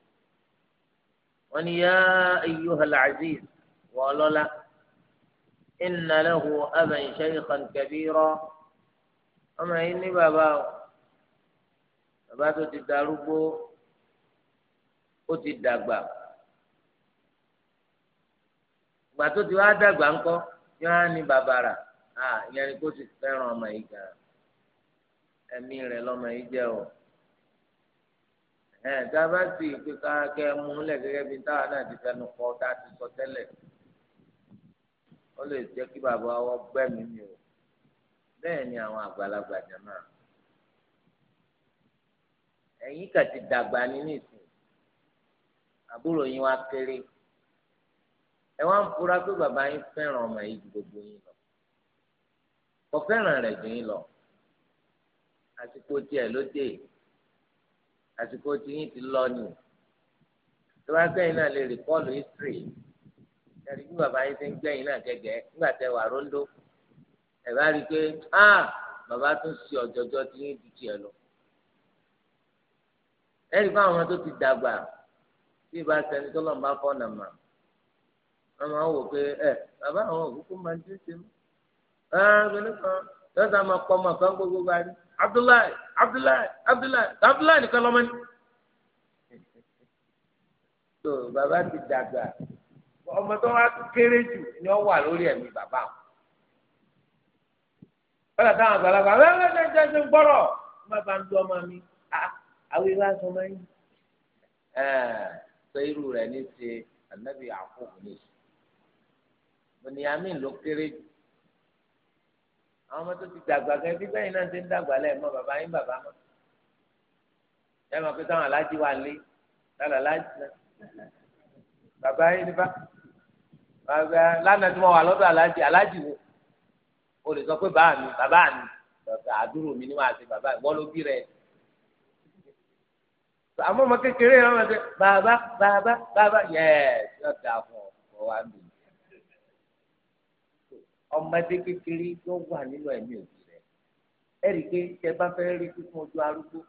wọ́n ní yá ayyuhal aziz wọ́n lọ́la inna lahu aban shaykhan kabira ọmọ yìí ní bàbá o bàbá tó ti darúgbó ó ti dàgbà ìgbà tó ti wá dàgbà ńkọ́ yóò á ní bàbàrà ìyẹn ni kó ti fẹ́ràn ọmọ yìí gan ẹ̀mí rẹ̀ lọ́mọ yìí jẹ́ o ẹ dábàá sì pé káàkẹ́ mú lẹ̀ gẹ́gẹ́ bí táwa náà ti fẹnu kọ́ tá a ti sọ tẹ́lẹ̀ ó lè kí bàbá wọ́ gbẹ́mí mi o bẹ́ẹ̀ ni àwọn àgbàlagbà jàmá ẹ̀yin kà ti dàgbà ní nìsín àbúrò yín wá kéré ẹ wá ń fura pé bàbá yín fẹ́ràn ọmọ yìí ju gbogbo yín lọ kò fẹ́ràn rẹ̀ jù yín lọ àsìkò tiẹ̀ yìí àsìkò tí yín ti lọ ni tó bá gbẹ̀yìn náà lè rìkọ́ọ̀lù history ẹ̀rí bí bàbá yín ti ń gbẹ̀yìn náà gẹ́gẹ́ nígbà tẹ wà róńdó ẹ̀ bá rí i pé ah bàbá tún ṣe ọ̀jọ̀jọ̀ tí yín ju tiẹ̀ lọ. ẹ̀rí fún àwọn tó ti dàgbà tí ìbá sẹni tó lọ́nà bá fọ́ nàmà wọ́n máa ń wò pé ẹ̀ bàbá àwọn òkúkú máa ń dín sí mi. ẹ̀ ẹ́ lọ́sàn-án máa pọ́ ọmọ kan gbogbo gbárí abdullahi abdullahi abdullahi abdullahi nìkan lọ́mọ ní. tó bàbá ti dàgbà ọmọ tó wá kéré jù ni ó wà lórí ẹ̀mí bàbá wọn. wọ́n tàbí àwọn àgbàlagbà wẹ́n wẹ́n jẹ́ jẹ́ gbọ́rọ̀ má bá ń du ọmọ mi àwọn ìwé aṣọ máa ń yí. sọ irú rẹ̀ ní ti anabi àkókò ní. bùnìyàmín ló kéré jù àwọn ọmọ tó ti dàgbà gan bí bẹ́ẹ̀ náà ti ń dàgbà lẹ́ẹ̀ mọ́ bàbá yín bàbá mọ́ ẹ máa pé táwọn aláàjì wà lé lálẹ́ aláàjì náà bàbá yín ní bá bàbá lánàá tí wọ́n wà lọ́dọ̀ aláàjì aláàjì wo o lè sọ pé bàbá mi bàbá mi bàbá àdúrò mi ni wọ́n àti bàbá ìwọ́ ló bí rẹ̀ àmọ́ ọmọ kékeré yẹn wọ́n máa ṣe bàbá bàbá bàbá yẹ́ẹ̀ yọ̀ọ́ fún ọ ọmọdé kékeré tó wà nínú ẹ̀mí òbí rẹ̀ ẹ̀rí pé tẹ bá fẹ́ rí kíkún ojú arúgbó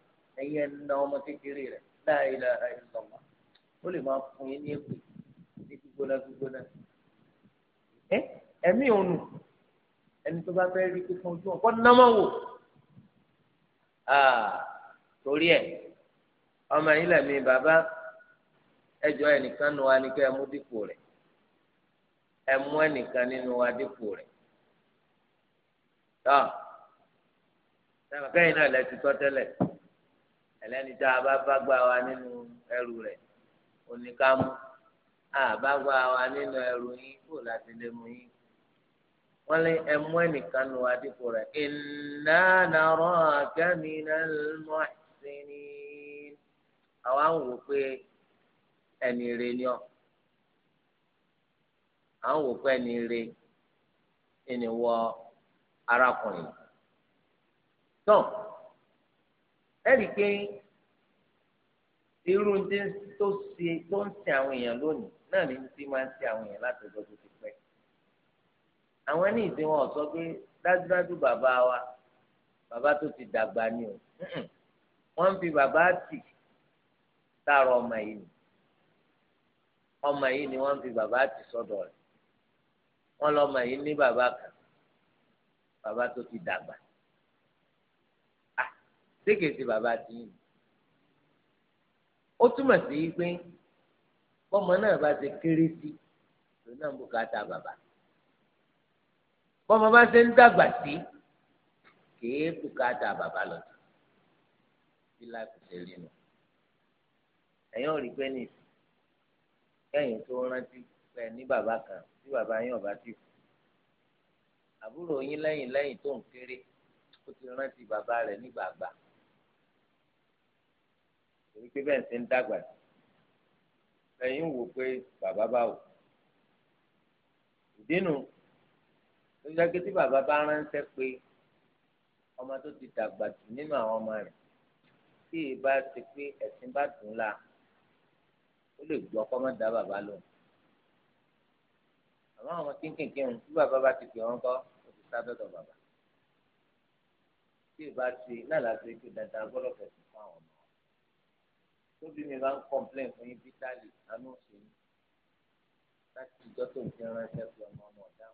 ẹ̀yẹ na ọmọ kékeré rẹ̀ láì la ìlọ́mọ ó lè máa fún yín ní èpè ní gbígbóná gbígbóná ẹ ẹ̀mí ònù ẹni tó bá fẹ́ rí kíkún ojú ọ̀pọ̀ nàmọ́ wò torí ẹ̀ ọmọ yín lẹ̀mí bàbá ẹjọ́ ẹnìkan nù wá ní kẹ́ ẹ mú dípò rẹ̀ ẹ mú ẹnìkan nínú wa dípò rẹ̀ tọ́ sẹ́wọ̀n kẹ́yìn náà lẹ́ ti tọ́ tẹ́lẹ̀ ẹlẹ́ni tá a bá bá gbà wá nínú ẹrù rẹ̀ oníkàmú àbá gbà wá nínú ẹrù yín kò láti lè mú yín wọ́n lé ẹmú ẹnìkan nínú wa dípò rẹ̀ inna naraka minal muhsinin àwa ń wò pé ẹnì rẹ̀ ni ọ́ à ń wò pé ẹni re ẹni wọ arákùnrin tán ẹnì pé irú ndé tó ṣe tó ń sin àwọn èèyàn lónìí náà ní ti máa ń sin àwọn èèyàn láti ọjọ́ tó ti pẹ́ àwọn ẹni ìsìn wọn sọ pé dájúdájú bàbá wa bàbá tó ti dàgbà ni o wọ́n ń fi bàbá tì sáàrọ̀ ọmọ yìí ọmọ yìí ni wọ́n fi bàbá tì sọ́dọ̀ rẹ̀ wọ́n lọ́mọ yìí ní baba, kan bàbá tó ti dàgbà sékèsì ah, bàbá ti yìí ó túmọ̀ sí pé bọ́mọ náà bá ṣe kéré sí ló náà bùkátà bàbá bọ́mọ bá ṣe ń dàgbà sí kèé bùkátà bàbá lọ sí bí láti ṣe rí nu ẹ̀yìn ò rí pé nìyí kẹ́yìn tó rántí pé ní baba. kan tí bàbá yín ọba ti kú àbúrò yín lẹ́yìn lẹ́yìn tó ń kéré ó ti rántí bàbá rẹ̀ nígbà àgbà torí pé bẹ́ẹ̀ ń ṣe ń dàgbà sí lẹ́yìn wò pé bàbá bá wò ìdínú ló jẹ́ pé tí bàbá bá ránṣẹ́ pé ọmọ tó ti dàgbà jù nínú àwọn ọmọ rẹ̀ tí ì bá ti pé ẹ̀sìn bá dùn la ó lè gbọ́ kọ́ mọ́ dá bàbá lóhùn àmọ́ àwọn kínkìnkín ń bí bàbá bá ti pè wọ́n kọ́ ó ti sá dọ́dọ̀ bàbá tí ìbá ti náà láti pé dandan gbọ́dọ̀ fẹ̀sùn fún àwọn ọmọ tóbi mi bá ń kọ́ńplẹ̀n fún yín bítálì àánú òṣèlú láti ìjọ tó ń fi ránṣẹ́ fi ọmọ ọmọ ọ̀dá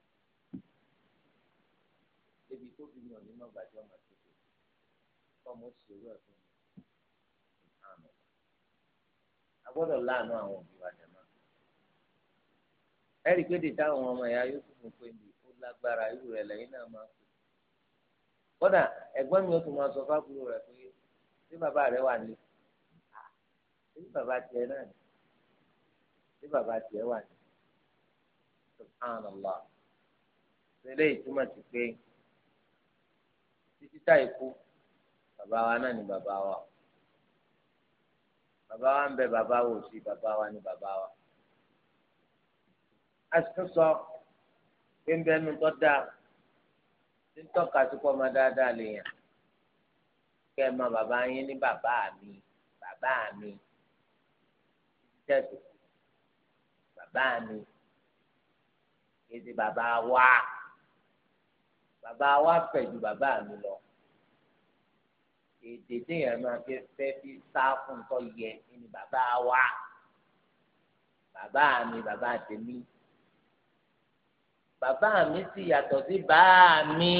débi tóbi mi ò ní mọ̀ gbàjọ́ màá tó tó fọ́ọ̀mù òṣèlú ẹ̀ mi àgbọ́dọ̀ láàánú àwọn òbí wa dá ẹ̀rí pé dèjà àwọn ọmọ ẹ̀yà yóò fún un pé mi ó lágbára irú rẹ̀ lẹ́yìn náà máa kú. kódà ẹ̀gbọ́n mi ó tún máa sọ fábùrù rẹ̀ pé ṣé bàbá rẹ̀ wà ní? ṣé bàbá tiẹ̀ náà ní? ṣé bàbá tiẹ̀ wà ní? subhanallah ṣẹlẹ̀ ìtumọ̀ ti pé títí táyì kú bàbá wa náà ni bàbá wa bàbá wa ń bẹ bàbá wa sí bàbá wa ni bàbá wa asosọ pínpínu tó dáa tí ń tọ́ka sí kọ́ ọmọ dáadáa lè yàn kẹ́ ẹ mọ bàbá yín ní bàbá mi bàbá mi tẹ̀sí bàbá mi èdè bàbá wa bàbá wa fẹ̀ ju bàbá mi lọ èdè téèyàn máa fẹ́ fẹ́ fi sá fún tọ́ yẹ ní bàbá wa bàbá mi bàbá tèmi bàbá mi sì yàtọ̀ sí bàá mi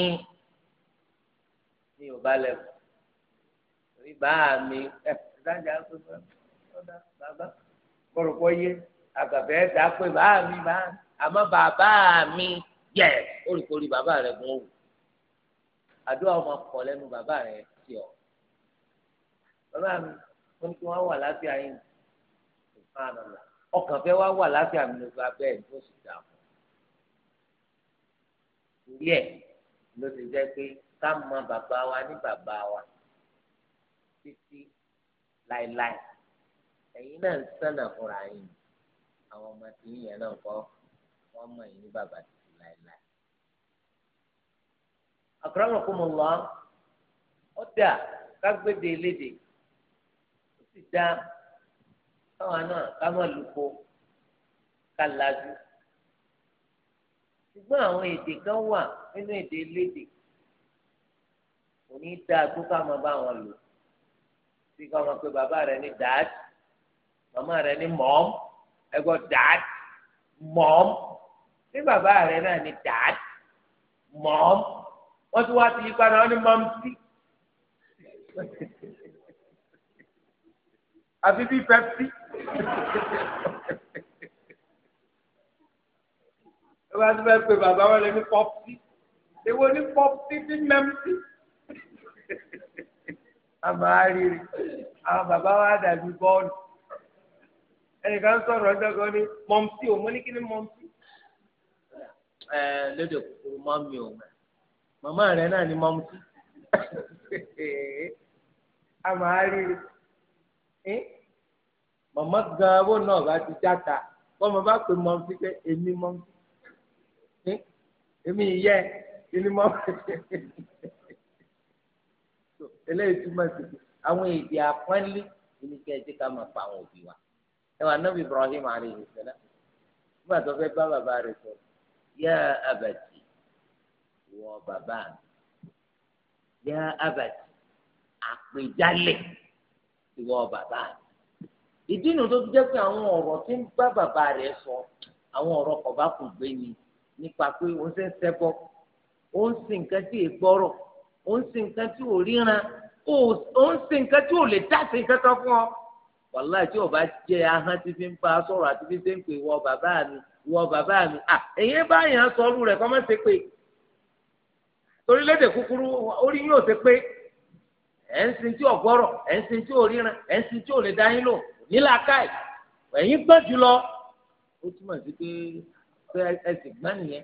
ní yorùbá lẹ́wọ̀ rí bàá mi ẹ̀ dájà pé ọ̀dà bàbá kọ̀rọ̀kọ̀ yé àgbàbẹ́ ẹ̀dá pé bàá mi bàá mi àmọ́ bàbá mi yẹ olùkórè bàbá rẹ̀ gun òwò àdúrà ọmọ kọ̀ lẹ́nu bàbá rẹ̀ ti ọ̀ bàbá mi wọ́n ní kí wà láfíà yín ọkàn fẹ́ wá wà láfíà mi ló bẹ́ẹ̀ ni ó sì dààmú torí ẹ̀ ló ti jẹ́ pé ká mọ bàbá wa ní bàbá wa títí láéláé ẹ̀yin náà ń sànà fúnra yín àwọn ọmọ tí yín yẹn náà kọ́ wọ́n mọ̀ yín ní bàbá títí láéláé. akramakumullah ó dà kágbédè lédè ó sì dá káwọn náà ká má lùkọ́ ká lajú ṣùgbọ́n àwọn èdè kan wà nínú èdè lédè kò ní í dáa tó ká máa bá wọn lò bí ká máa pe bàbá rẹ ní dad màmá rẹ ní mọ́m ẹgbọ́ dad mọ́m bí bàbá rẹ náà ní dad mọ́m wọ́n ti wá sí i padà wọ́n ní mọ́m sí. àfi bí pepsi. tó bá ti fẹ́ pe bàbá wọn lè ní pọ́pì èwo ní pọ́pì ní mẹ́mtì àmà àrírí àwọn bàbá wa dàbí bọ́ọ̀lù ẹnìkan sọ̀rọ̀ ọ̀dọ́gọ́ ní mọ̀mtì ò mọ́ ní kí ni mọ̀mtì. ẹ lóde kúkúrú mọ́mì ò mọ̀ màmá rẹ̀ náà ní mọ̀mtì àmà àrírí màmá gan owó náà bá ti játa kọ́ mọ bá pe mọ̀mtì pé èmi mọ̀mtì èmi yẹ kíni mọ́ eléyìí túmọ̀ sí pé àwọn èdè àpọ́nlé oníkẹ́ ẹ̀jẹ̀ ká máa pa àwọn òbí wa ẹ wà nábì Ibrahim alayhi salam nígbà tó fẹ́ bá bàbá rẹ̀ sọ yá abàtì wọ bàbá mi yá abàtì àpèjálẹ̀ ìwọ bàbá mi ìdí nu tó jẹ́ pé àwọn ọ̀rọ̀ tí ń bá bàbá rẹ̀ sọ àwọn ọ̀rọ̀ kọ̀ọ̀bá kò gbé ni. nípa pé o ṣe ń o òun sìn nǹkan tí è gbọ́rọ̀ òun sìn nǹkan tí ò ríran òun sìn nǹkan tí fún ọ tí o bá jẹ ahọ́n tí fi ń a sọ̀rọ̀ àti fi ṣe ń wọ bàbá mi wọ bàbá mi à èyí bá yàn rẹ̀ kọ́ ṣe pé torílẹ̀dẹ̀ kúkúrú orí yóò ṣe pé ẹ̀ ń sin tí gbọ́rọ̀ ẹ̀ ń sin tí ríran ẹ̀ ń sin tí pé ẹsìn gbọ́n nìyẹn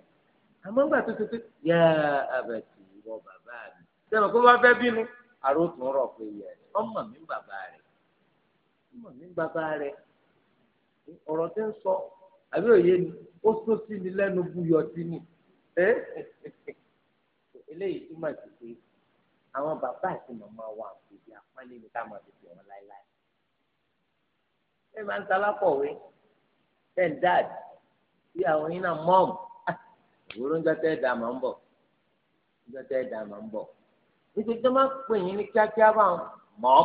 àmọ́ ńgbà tó ti pé yá abẹ́tì ìwọ bàbá mi sẹ́mi kó bá fẹ́ bínú àrò tó ń rọ̀ pé yẹ ọmọ mi bàbá rẹ̀ ọmọ mi bàbá rẹ̀ ọ̀rọ̀ tí ń sọ àbí òye ni ó sọ sí mi lẹ́nu búyọ sí mi ẹ́ eléyìí túmọ̀ sí pé àwọn bàbá àti màmá wa kò di àpọ́nlé ní ká máa tètè wọn láéláé. ẹ máa ń salápọ̀wé ten dad bí àwọn yín náà mọ̀ òwúrọ̀ ń jọ́tẹ́ ẹ̀dá máa ń bọ̀ ń jọ́tẹ́ ẹ̀dá máa ń bọ̀ nítorí tó máa pè yín ní kíákíá bá ń mọ̀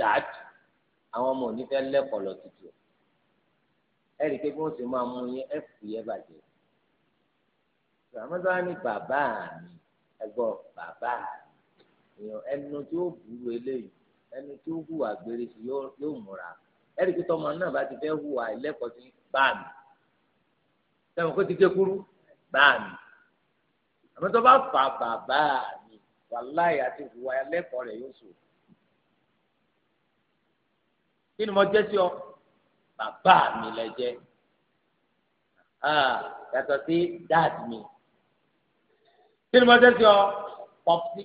dad àwọn ọmọ òní fẹ́ lẹ́kọ̀ọ́ lọ tutù ẹ rí i pé bí wọ́n sì máa mú yín ẹ fì yẹ bàjẹ́ ramadan ni bàbá mi ẹgbọ́ bàbá mi èèyàn ẹnu tí ó burú eléyìí ẹnu tí ó hùwà gbèrè sí yóò múra ẹ rí i pé tọmọ náà bá ti fẹ́ hùwà ẹlẹ́kọ̀ọ́ sí bá sẹ́wọ̀n kó ti ké kúrú báà mi àmọ́ tó bá fà bàbá mi wàláì àti ìwà ẹlẹ́kọ̀ọ́ rẹ̀ yóò sòrò kí ni mo jẹ́ sí ọ bàbá mi lẹ jẹ́ yàtọ̀ sí dad mi kí ni mo jẹ́ sí ọ pọ́pì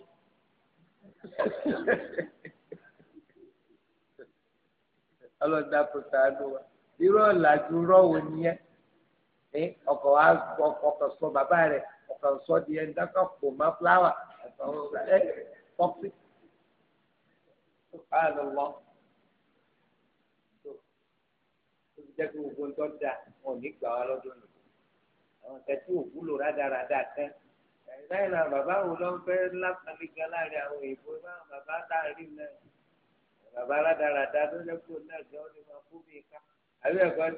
ọlọ́dà kò sáà ló wa irọ́ ọ̀làjú rọ́wọ́ nìyẹn ọkọ̀ wa ọkọ̀ sọ bàbá rẹ̀ ọkọ̀ sọ di ẹni dákọ̀ pò má fúláwà ẹ pọ́pì ọ̀pá ló lọ. jẹ́ kí gbogbo ńtọ́ da wọn ò ní gbà wá lọ́dún nù. àwọn kẹtí òwúlò rádaràda tẹ́. lẹ́yìn náà bàbá wo ló ń fẹ́ lápẹ́lẹ́ gan láàrin àwọn èèbó báwọn bàbá láàrin náà bàbá rádaràda ló lẹ́kọ̀ọ́ náà gan ó lè máa kó bí ká. àbí ẹ̀kọ́ ni.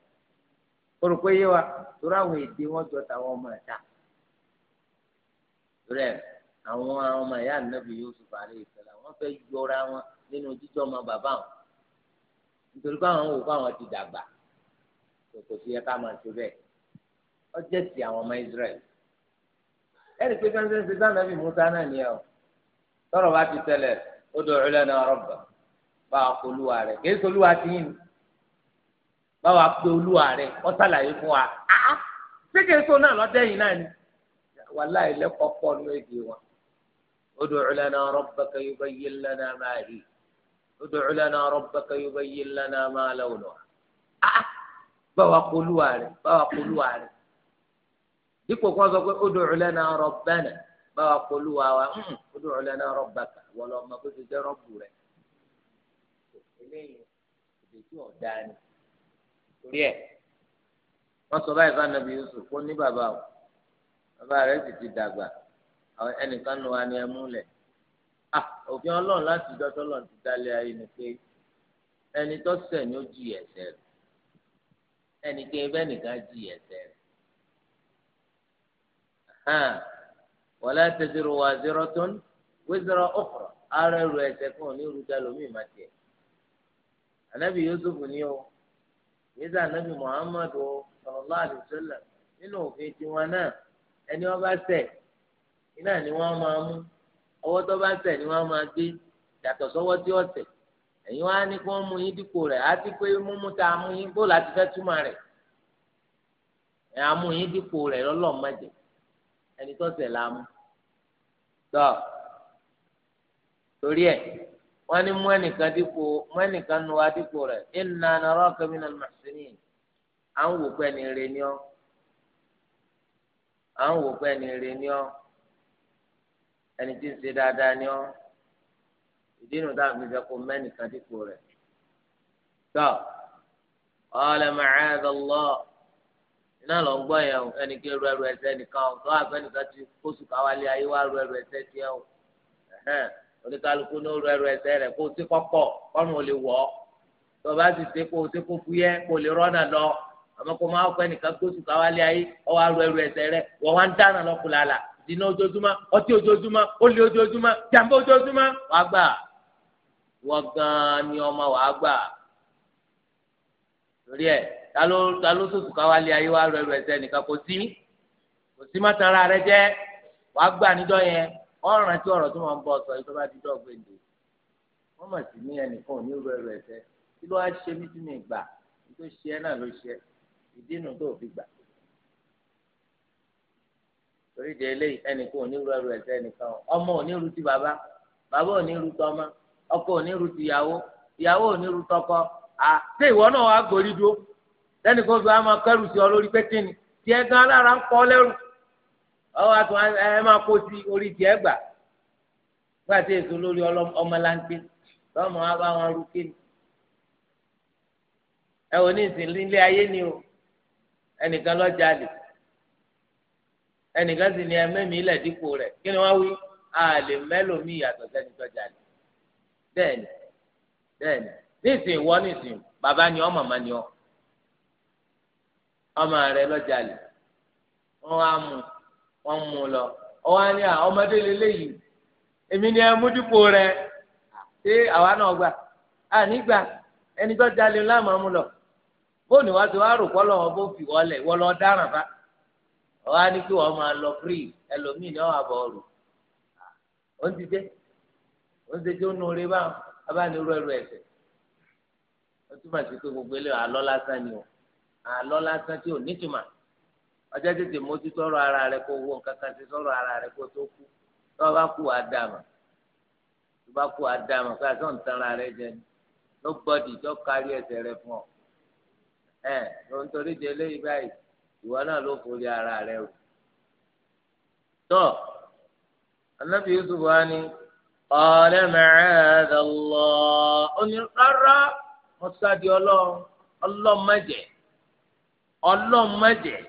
o rò pé yé wa torí àwọn èdè wọn jọ tàwọn ọmọ ẹ̀dá rẹ àwọn ọmọ ẹ̀yà nàbì Yusuf alayhi salam wọ́n fẹ́ yọra wọn nínú jíjọ́ ọmọ bàbá wọn nítorí pé àwọn òkú àwọn ti dàgbà kò sí ẹ̀ka máa ṣe bẹ́ẹ̀ ó jẹ́ ti àwọn ọmọ Israel ẹ̀rí pé kí wọ́n ṣe sáà nàbì Musa náà ni ẹ̀ o tọrọ bá ti tẹlẹ ó dọ̀ ọ́ lẹ́nu ọ̀rọ̀ bá a kò lù wà rẹ̀ kì í sọ lù wà tìyìn ni báwa pé olúwa rẹ wọ́n ṣàlàyé fún wa áá sékè so náà lọ́dẹ́yìn náà ni wàhálà ìlẹ́kọ̀ọ́ pọ̀ ní èdè wọn. ud'u lana rabbaka yubayyin lana ma hi ud'u lana rabbaka yubayyin lana ma lawnuha áá ah, ah, báwa pé olúwa rẹ báwa pé olúwa rẹ dípò kí sọ pé ud'u lana rabbana báwa pé olúwa wa hmm, ud'u lana rabbaka wọ́n lọ́ọ́ ma kó ti jẹ́ rọ́bù rẹ̀ eléyìí torí ẹ̀ wọ́n sọ báyìí fún anabi yusuf kó ní bàbá o bàbá rẹ̀ sì ti dàgbà àwọn ẹnìkan nu wa ni ẹ múlẹ̀ ah òfin ọlọ́run láti dọ́tọ́ lọ́n ti dálé ayé ni pé ẹni tó ṣẹ̀ ni ó jìyà ẹ̀ṣẹ̀ rẹ̀ ẹnì kẹ́ ẹbẹ́ nìkan jìyà ẹ̀ṣẹ̀ rẹ̀ hàn wala taziru waziratun wizra ukhra ara ẹrù ẹ̀ṣẹ̀ fún òní rúdà lómi ìmàtìẹ̀ anabi yusuf ni o. yéésù anabi muhammadu sallallahu alaihi wasallam nínú òfin tiwọn náà ẹni wọn bá ṣẹ̀ iná ni wọn máa mú ọwọ tó bá ṣẹ̀ ni wọn máa gbé yàtọ̀ sọ́wọ́ tí ó ṣẹ̀ wọn wá ní kí wọn mú yín dípò rẹ̀ àti pé mímú tá a mú la mú tọ torí wọ́n ní mú ẹnìkan dípò mú ẹnìkan nu wa dípò rẹ̀ inna naraka minal muhsinin à ń wò pé ẹni rè ni ọ́ à ń wò pé ẹni rè ni ọ́ ẹni tí ń ṣe dáadáa ni ọ́ ìdí nu táwọn fi fẹ́ kó mẹ́nìkan dípò rẹ̀ tọ́ qala ma'adallah iná lọ ń gbọ́ yẹn o ẹnìkan ru ẹrù ẹsẹ̀ nìkan o tọ́ àgbẹ̀ ti kóṣù káwálé ayé wa ru ẹrù ẹsẹ̀ tiẹ̀ o oníkálukú ní oru ẹrù ẹsẹ̀ rẹ̀ kó o ti kọ́kọ́ kọ́run ò lè wọ̀ ọ́ tó o bá ti ṣe kó o ti kó fúyẹ́ kó o lè rọ́nà lọ àmọ́ kó o máa fẹ́ nìkan gbóṣù káwálé ayé ọ wá ru ẹrù ẹsẹ̀ rẹ̀ wọ́n wá ń dáná lọ́kùnlára dìnnà ojoojúmọ́ ọtí ojoojúmọ́ olè ojoojúmọ́ jàmbá ojoojúmọ́ wàá gbà wọ́n gan-an ni ọmọ wàá gbà torí ẹ̀ ta ló ta ló sòsù káwálé ayé wá ru ẹrù ẹsẹ̀ nìkan kò sí kò sí mọ́tàn ara rẹ jẹ́ wàá gbà níjọ́ yẹn Ọ tí ọ̀rọ̀ tó máa ń bọ̀ sọ yìí tó bá mọ̀ sí ní ẹnìkan ò ní ló wá ṣe mí tí mi gbà tó ṣe ẹ́ náà ló ṣe ìdí fi gbà. torí de eléyìí ẹnìkan ò ní ọmọ ò ní bàbá bàbá ò ní ọkọ ò ní ìyàwó ìyàwó ò ní ìwọ náà wàá gòrí dúró lẹ́nìkan ọwọ́ àti wọn ẹ máa kó sí orí tiẹ̀ gbà gbà tí èso lórí ọmọláńké lọ́mọ wa bá wọn rú kéde ẹ wò ní ìsìn nílé ayé ni o ẹnìkan lọ́jà lè ẹnìkan sì ní ẹmẹ́mi ilẹ̀ dípò rẹ̀ kí ni wọ́n wí a lè mẹ́lòmíì yàtọ̀ sẹ́ni tọ́jà lè bẹ́ẹ̀ni bẹ́ẹ̀ni ní ìsìn ìwọ ní ìsìn bàbá ni ọ màmá ni ọ ọmọ rẹ lọ́jà lè wọ́n á mú un. wọ́n mú un lọ ọwọ́ ni ọmọdé lélẹ́yìí èmi ni ẹ mójúpo rẹ ṣé àwa náà gbà á nígbà ẹni tó jalè láàmú mú lọ bóòní wá ti wá rò kọ́ lọ́wọ́ bó fi wọlé wọ́n lọ dáràn bá kí máa lọ ẹlòmíì wà ó ń ó ń ó abániru ẹrù ó ọjọ́ tètè mójú sọ̀rọ̀ ara rẹ kó wọ nǹkan sí sọ̀rọ̀ ara rẹ kó tó kú tó bá kú àdàmà tó bá kú àdàmà kó àtọ̀ ń rẹ jẹ nobody tó kárí ẹsẹ̀ rẹ fún ọ ẹ lóun torí de eléyìí báyìí ìwọ náà ló forí ara rẹ o yusuf wa ni ọ̀rẹ́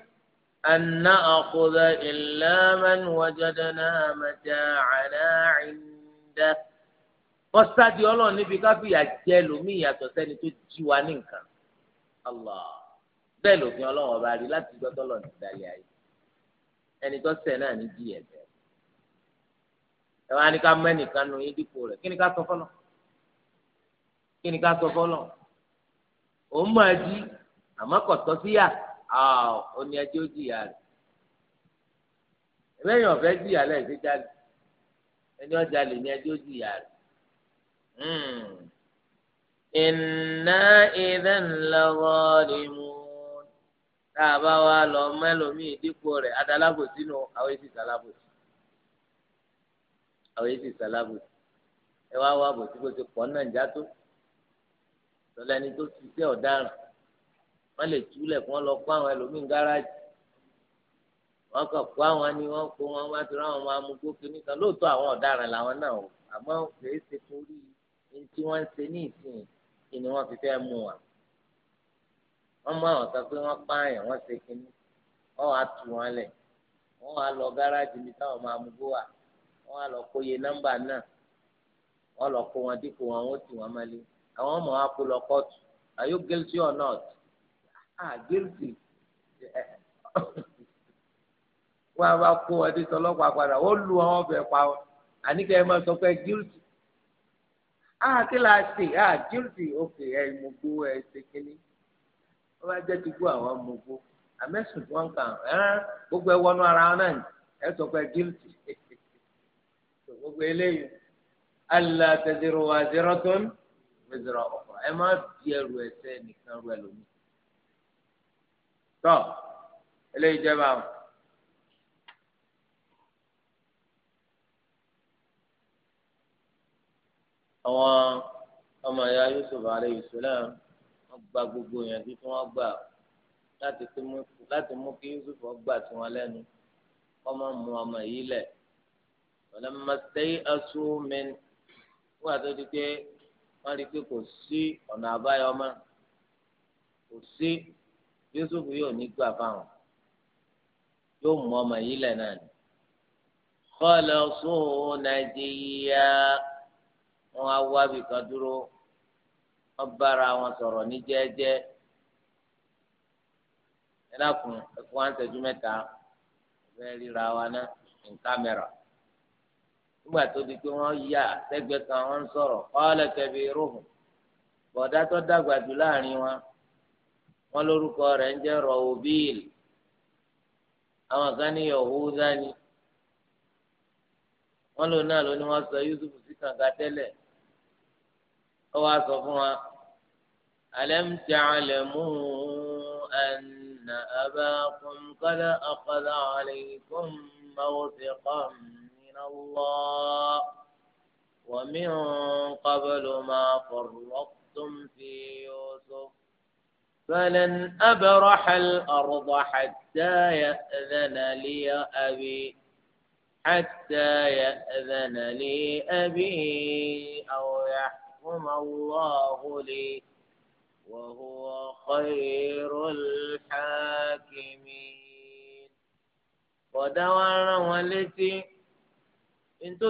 أن نأخذ إلا من وجدنا متاعنا عنده wọ́n sáàdì ọlọ́run níbi ká fìyà jẹ lómi ìyàtọ̀ sẹ́ni tó jí wa ní nǹkan allah bẹ́ẹ̀ lòfin ọlọ́run ọba rí láti gbọ́ tọ́lọ̀ ní ìdálẹ́ ayé ẹni tó ṣẹ̀ náà ní jí ẹ̀bẹ̀ ẹ wá ní ká mọ ẹnìkan nu yín dípò rẹ̀ kí ni ká sọ fọ́lọ̀ kí ni ká sọ fọ́lọ̀ òun máa jí àmọ́ kò tọ́ síyà oní ẹjẹ ó jìyà rẹ lẹ́yìn ọfẹ jìyà lẹsẹ jáde ẹni ọjà lè ní ẹjẹ ó jìyà rẹ iná iná ńlọrọ ni mo tá a bá wa lọ mẹlòmíì dípò rẹ adalábò sínú àwọn èsì sálábò àwọn èsì sálábò ẹ wá wá bò tí kò ti pọ̀ náà já tó lọ́lẹ́ni tó ti tẹ́ ọ̀daràn wọ́n lè túlẹ̀ kí wọ́n lọ kó àwọn ẹlòmíín gáràjì wọ́n kàn kó àwọn ni wọ́n kó wọn wá ti ráwọn máa mú gbókè nìkan lóòótọ́ àwọn ọ̀daràn làwọn náà o àmọ́ kìí ṣe torí ní tí wọ́n ń ṣe ní ìsìn kí ni wọ́n fi fẹ́ mú wa wọ́n mú àwọn kan pé wọ́n pààyàn wọ́n ṣe kínní wọ́n wàá tù wọ́n lẹ̀ wọ́n wàá lọ gáràjì ní táwọn máa mú gbó wa wọ́n wàá lọ kó iye nọ́mbà náà wọ́n lọ kó wọn dípò wọn wọ́n tì wọ́n mọ́lé àwọn ọmọ wa kó lọ kóòtù are you guilty or not? ah guilty wọn a bá kó ọdẹ padà ó lu àwọn ọbẹ pa ọ àníkẹ́ ẹ máa sọ pé guilty ah kí ah guilty ok ẹ mú gbó ẹ ṣe kínní wọn bá jẹ ti gbó àwọn mú gbó àmẹsùn tí wọn kàn gbogbo ẹ wọnú ara wọn náà ẹ sọ pé guilty gbogbo eléyìí zero tón di ẹrù ẹsẹ nìkan tọ́ eléyìí jẹ́ báwọn. àwọn ọmọ ìyá Yusuf alayhi salam wọ́n gba gbogbo ìyànjú tí wọ́n gbà láti mú kí Yusuf gbà tí wọ́n lẹ́nu wọ́n máa mú ọmọ yìí lẹ̀ wọ́n máa sẹ́yìn asúnmẹ́ni wọ́n àti ọdún pé wọ́n rí i pé kò sí ọ̀nà àbáyọ mọ́ kò sí yusuf yóò ní gbà fáwọn yóò mú ọmọ yìí lẹ náà ni kọlọ sóhun nàìjíríà wọn á wá bí kan dúró wọn bára wọn sọ̀rọ̀ ní jẹ́ẹ́jẹ́ ẹ dákun ẹkún wa ń tẹjú mẹ́ta ẹ ríra wa ná ní kámẹ́rà nígbà tó di pé wọ́n yà sẹ́gbẹ̀ẹ́ kan wọ́n ń sọ̀rọ̀ kọlẹ kẹbi bọdá tó dàgbà jù láàrin wọn wọn lórúkọ rẹ̀ ń jẹ́ rọ̀wùbíìl àwọn kan ní Yahuda ni wọn lò náà ló ní wọn sọ Yusuf sí kànga tẹ́lẹ̀ ó wàá sọ fún wa alam ta'lamu anna abakum qad akhadha alaykum mawthiqan min Allah wa min qablu ma farraqtum fi Yusuf. فلن أبرح الأرض حتى يأذن لي أبي حتى يأذن لي أبي أو يحكم الله لي وهو خير الحاكمين ودعوا àwọn létí ntó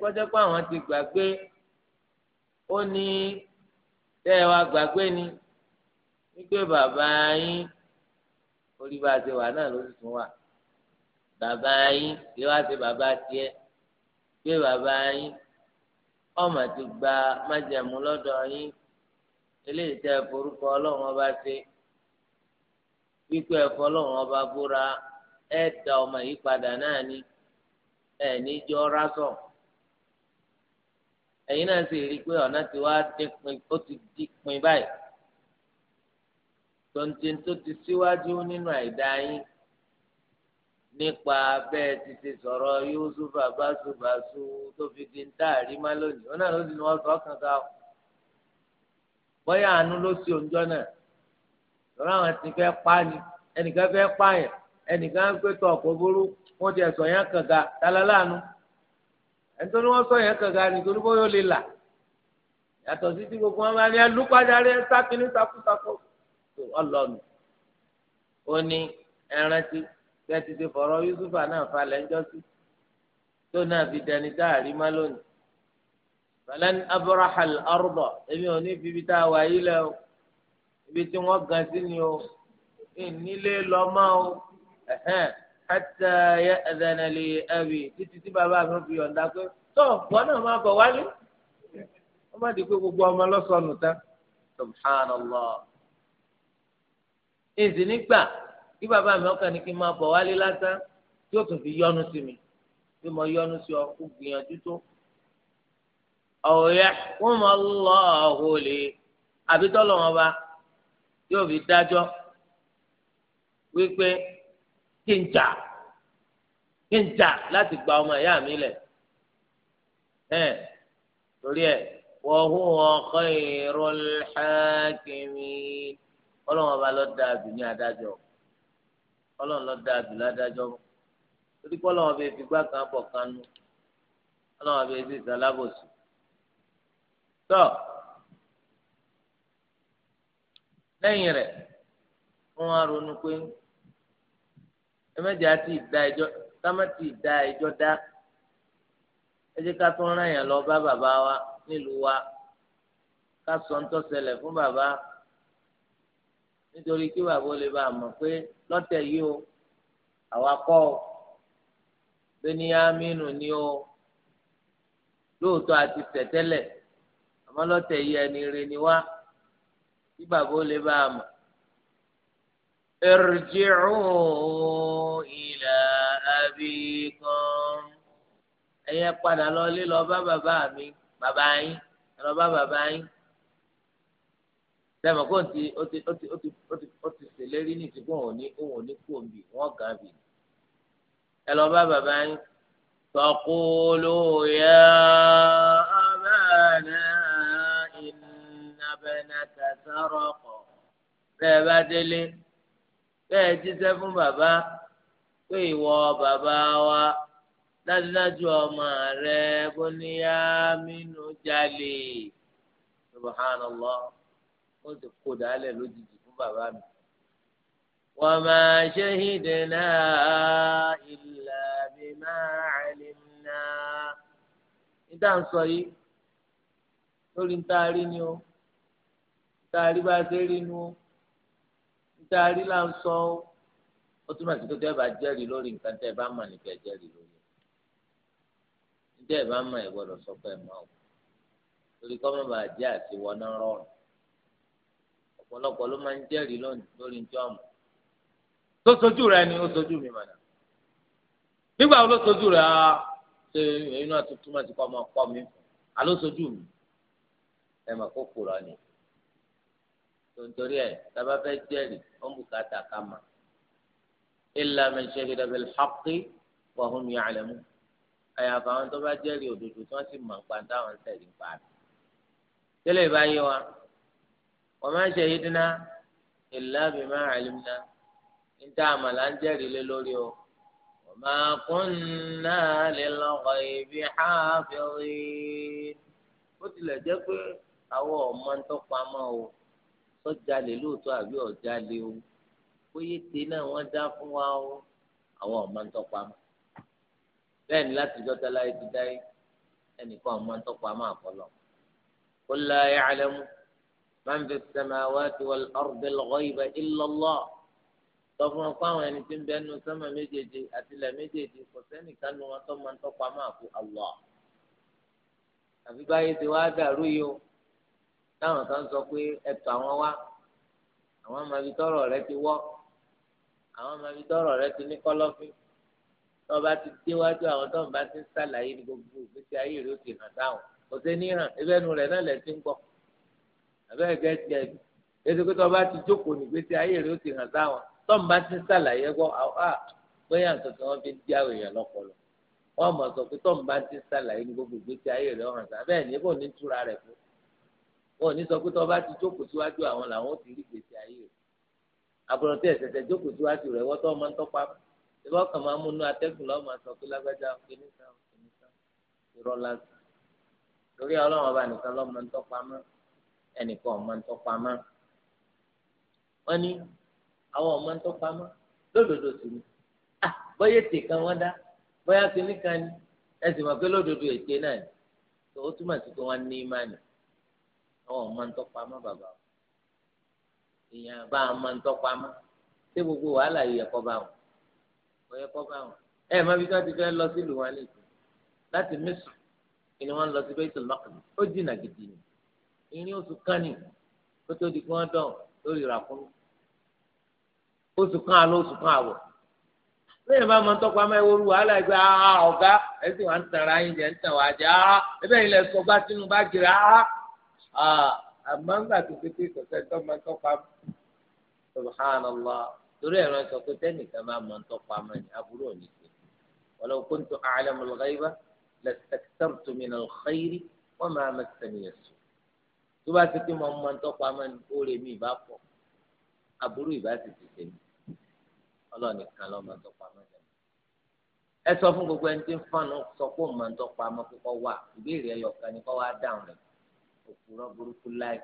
قد kọjá pé àwọn ti gbàgbé wípé bàbá yín orí bá a ṣe wà náà ló sì tún wà bàbá yín kí wá ṣe bàbá tiẹ̀ pé bàbá yín ọmọ ti gba májẹ̀mú lọ́dọ̀ yín eléyìí tẹ́ forúkọ Ọlọ́run ọba ṣe wípé ẹfọ Ọlọ́run ọba búra ẹ ọmọ yìí padà náà ni ẹ níjọ rásọ ẹ̀yin náà sì rí i pé ọ̀nà tí wàá dín pin ó ti dín pin báyìí tontin tó ti síwájú nínú àìdá yín nípa bẹ́ẹ̀ ti ti sọ̀rọ̀ Yusufa báṣubàṣu tó fi di ntaàrí má lónìí wọn náà ló sì ní wọn sọ ọkàn ká o bóyá àánú ló sí òǹjọ náà lọ́rọ́ àwọn ti fẹ́ pa ni ẹnìkan fẹ́ pa yẹn ẹnìkan ń pètò ọ̀pọ̀ burú wọn ti ẹ̀sọ̀ yẹn kànga tala láàánú ni wọ́n sọ yẹn kànga nítorí bóyá ó lè là yàtọ̀ sí ti gbogbo wọn bá ní ẹ lù padà sákìní sakúsakú ọlọ́nu ó ní ẹrántí bẹ́ẹ̀ ti ti fọ̀rọ̀ yusufa náà falẹ̀ ńjọ́ sí tó náà fi dẹni tá a rí má lónìí falan abrahal arda èmi ò ní fi ibi tá a wà yí lẹ o ibi tí wọ́n gan sí ni o ìnílé lọ́mọ́ o hatta ya'dhana li abi títí tí bàbá mi fi yọ̀ǹda pé tó wọn náà máa bọ̀ wálé wọ́n pé gbogbo ọmọ lọ́sọ̀nù tán subhanallah èzì nígbà kí bàbá mi ọkàn ní kí n máa bọ̀ wálé lásán tí ó tún fi yọnu sí mi bí mo yọnu sí ọ kó gbìyànjú tó. ọ̀yẹ́ kó mọ lọ́ọ̀hún lè àbí tọ́lọ̀ wọn bá yóò fi dájọ́ wípé kí n jà kí n jà láti gba ọmọ ìyá mi lẹ̀ ẹ̀ torí ẹ̀ wọ́n hùwà khairul hakimin. ọlọ́run ọba ló lọ jù ní adájọ́ ọlọ́run ló dáa jù ládájọ́ torí pé ọlọ́run ọba ìfigbá kan bọ̀ kan ọlọ́run ọba èsì ìsalábòsù tọ́ lẹ́yìn rẹ̀ wọ́n á ronú pé ti da ẹjọ́ ti da ẹjọ́ dá ká tún lọ bá bàbá wa nílùú wa ká sọ ń fún bàbá nítorí kí bàbá ó lè bá a mọ̀ pé lọ́tẹ̀ yìí o àwa kọ́ o bẹ́níyàmínú ni o lóòótọ́ àti tẹ̀tẹ́lẹ̀ àmọ́ lọ́tẹ̀ yìí ẹni rẹ ni wá kí bàbá ó bá a mọ̀. ارجعوا إلى أبيكم ẹ̀yẹ padà lọ lé lọ bá bàbá mi bàbá yín sẹ́mi kó ti ó ti ó ti ó ti ó ti ó ti ṣèlérí ní ìtìkún òun ní òun ní kú òun bì wọ́n gà bì. ẹ lọ bá bàbá yín tọkúlù yá abẹ́ẹ̀nà ìnàbẹ̀nà kẹsàrọ̀kọ̀ bẹ́ẹ̀ bá délé bẹ́ẹ̀ jíṣẹ́ fún bàbá pé ìwọ bàbá wa dájúdájú ọmọ rẹ bóníyá mínú jalè subhanallah ó sì kó dálẹ̀ lójijì fún bàbá mi. wa ma shahidna illa bima alimna. níta ń sọ yìí lórí níta rí ni ó níta rí bá ṣe rí nu ó níta rí là ń sọ ó ó túmọ̀ sí pé tẹ́ bá jẹ́rìí lórí nǹkan tẹ́ bá mọ̀ nípa jẹ́rìí lórí níta bá mọ̀ ẹ̀ gbọ́dọ̀ sọ pé ẹ̀ máa wò torí kọ́ bá jẹ́ àtiwọ́ náà rọrùn ọ̀pọ̀lọpọ̀ ló máa ń jẹ́rìí lónìí lórí ní ọ̀mù tó sojú rẹ ni ó sojú mi mọ̀nà nígbà wo ló sojú rẹ á ah, ṣe inú àtúntò máa ti kọ́ ọmọ ọkọ mi àló sojú mi ẹ mà kó kúrò ni tontori ẹ taba fẹ́ jẹ́rìí wọn bù ká ká ma illa man shahida bil haqqi wa hum ya'lamun àyàfà àwọn tó bá jẹ́rìí òdodo tí wọn sì mọ̀ nípa táwọn ń tẹ̀lé nípa rẹ̀ tẹ́lẹ̀ báyìí wa wa ma shahidna illa bima alimna níta àmàlà ń jẹ́rìí lé lórí o wa ma kunna lil ghaibi hafizin ó tilẹ̀ jẹ́ pé àwọn ọmọ ń tọ́pamọ́ o sọ́jà lè lóòótọ́ àbí ọ̀jà lè o bóyá ètè náà wọ́n dá fún wa o àwọn ọmọ ń tọ́pamọ́ bẹ́ẹ̀ ni láti jọ́tà láyé ti dá yìí ẹnìkan ọmọ ń tọ́pamọ́ àfọlọ́ kó láyé alẹ́ mú. من في السماوات والأرض الغيب إلا الله tọ́fún ọkọ àwọn ẹni tí ń bẹ nu sọ́mọ méjèèjì àtìlẹ̀ méjèèjì kò sẹ́nìkan nu wọn tó máa ń tọ́pa máa fún Allah. àfi báyé ti wá dàrú yìí o táwọn kan sọ pé ẹ̀tọ́ àwọn wá àwọn ọmọ ibi tọrọ rẹ ti wọ́ àwọn ọmọ ibi tọrọ rẹ ti ní kọ́lọ́fín tó bá ti déwájú àwọn tó ń bá ti ń sàlàyé ní gbogbo ìgbésí ayé rẹ ó ti hàn táwọn kò sẹ́ni hàn ebẹ́nu rẹ̀ náà lẹ́ ti ń gbọ́ abẹ́rẹ́ gẹ́ tiẹ̀ ètò pé tọ́ba ti jókòó nígbèsè ayé rẹ̀ ó ti hàn sáwọn tọ́ǹba ti ń sàlàyé gbọ́ ah bóyá nǹkan tí wọ́n fi ń di àwọn èèyàn lọ́pọ̀lọ́ wọ́n mọ̀ sọ pé tọ́ǹba ti ń sàlàyé ní gbogbo ìgbésí ayé rẹ̀ ọ̀hún àti abẹ́ẹ̀ ní bò ní túra rẹ̀ fún wọn ò ní sọ pé tọ́ba ti jókòó síwájú àwọn làwọn ò ti rí ìgbésí ayé rẹ̀ àbúrò tí ẹ̀sẹ̀ jókòó síwájú rẹ̀ wọ́n ẹnìkan ọmọ ntọpamọ wọn ní àwọn ọmọ ntọpamọ lódodo sì ni ah bóyá ètè kan wọn dá bóyá kìíní kan ni ẹ sì mọ̀ pé lódodo ètè náà ni tó o túmọ̀ sí pé wọ́n ní ìmánì àwọn ọmọ ntọpamọ bàbá wọn èèyàn bá ọmọ ntọpamọ ṣé gbogbo wàhálà yìí ẹ̀kọ́ bá wọn ẹ̀kọ́ bá wọn ẹ má bí wọn ti fẹ́ lọ sílùú wọn nìkan láti mísù ni wọn lọ sí Baitul Maqdis ó jìnnà gidi ni ìrìn oṣù kan ni kó tó di kí wọ́n dán lórí ràkúnmí oṣù kan àlọ́ oṣù kan àwọ̀ lẹ́yìn bá máa ń tọ́pọ̀ àmọ́ ìwọ́rú wàhálà ìgbà àá ọ̀gá ẹ̀sìn wà ń tànra yín jẹ́ ń tàn wá jẹ́ àá ẹ̀bẹ̀ yìí sọ bá tinú bá jìrì àá àmọ́ ńgbà tó ti pé kọ̀ọ̀tẹ́ tó máa ń tọ́pọ̀ àmọ́ subhanallah torí ẹ̀rọ sọ pé tẹ́nìkan máa máa ń tọ́pọ̀ àmọ́ aburú òní ṣe walau kuntu a'lamul ghaiba lastaktartu minal khairi tó bá ti pé mo mọ ntọ́pọ̀ amọ́ ni oore mi ìbá pọ̀ aburú ìbá sì ti dé mi ọlọ́ọ̀ni kan lọ́ọ́ mọ ntọ́pọ̀ amọ́ jẹ́ mi. ẹ sọ fún gbogbo ẹni tí ń fọ́nù sọ pé mo ntọ́pọ̀ amọ́ kókó wà ìbéèrè ẹ lọ́ọ̀kan ni kọ́ wá dáhùn rẹ̀ òpùrọ̀ burúkú láì.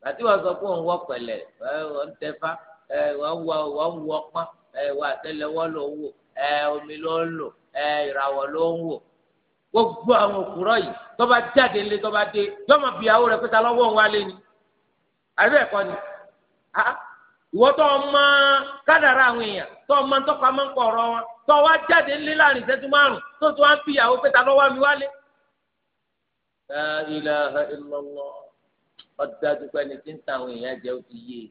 bàtí wọ́n sọ pé òun wọ́ pẹ̀lẹ́ ẹ wọ́n tẹ́fá ẹ wọ́n wọ wọ́n wọ ọpọ́n ẹ wọ́n àtẹ́lẹwọ́ ló ń wò ẹ omi ló ń lò ẹ ìràwọ̀ ló ń wò gbogbo àwọn òpùrọ̀ yìí tọ́ba jáde ńlẹ̀ tọ́ba dé yọmọ bìyàwó rẹ̀ pé ta lọ́wọ́ ń wálé ni àbí ẹ̀kọ́ ni ìwọ tó ọmọ kádàrá àwọn èèyàn tó ọmọ ntọ́ka máa ń kọ ọ̀rọ̀ wọn tó wá jáde ńlẹ̀ láàrin ìṣẹ́jú márùn tó tó wá ń bìyàwó pé ta lọ́wọ́ mi wálé. La ilaha illallah ọ̀dájú pé ẹni tí ń ta àwọn èèyàn jẹ́ ó ti yé e.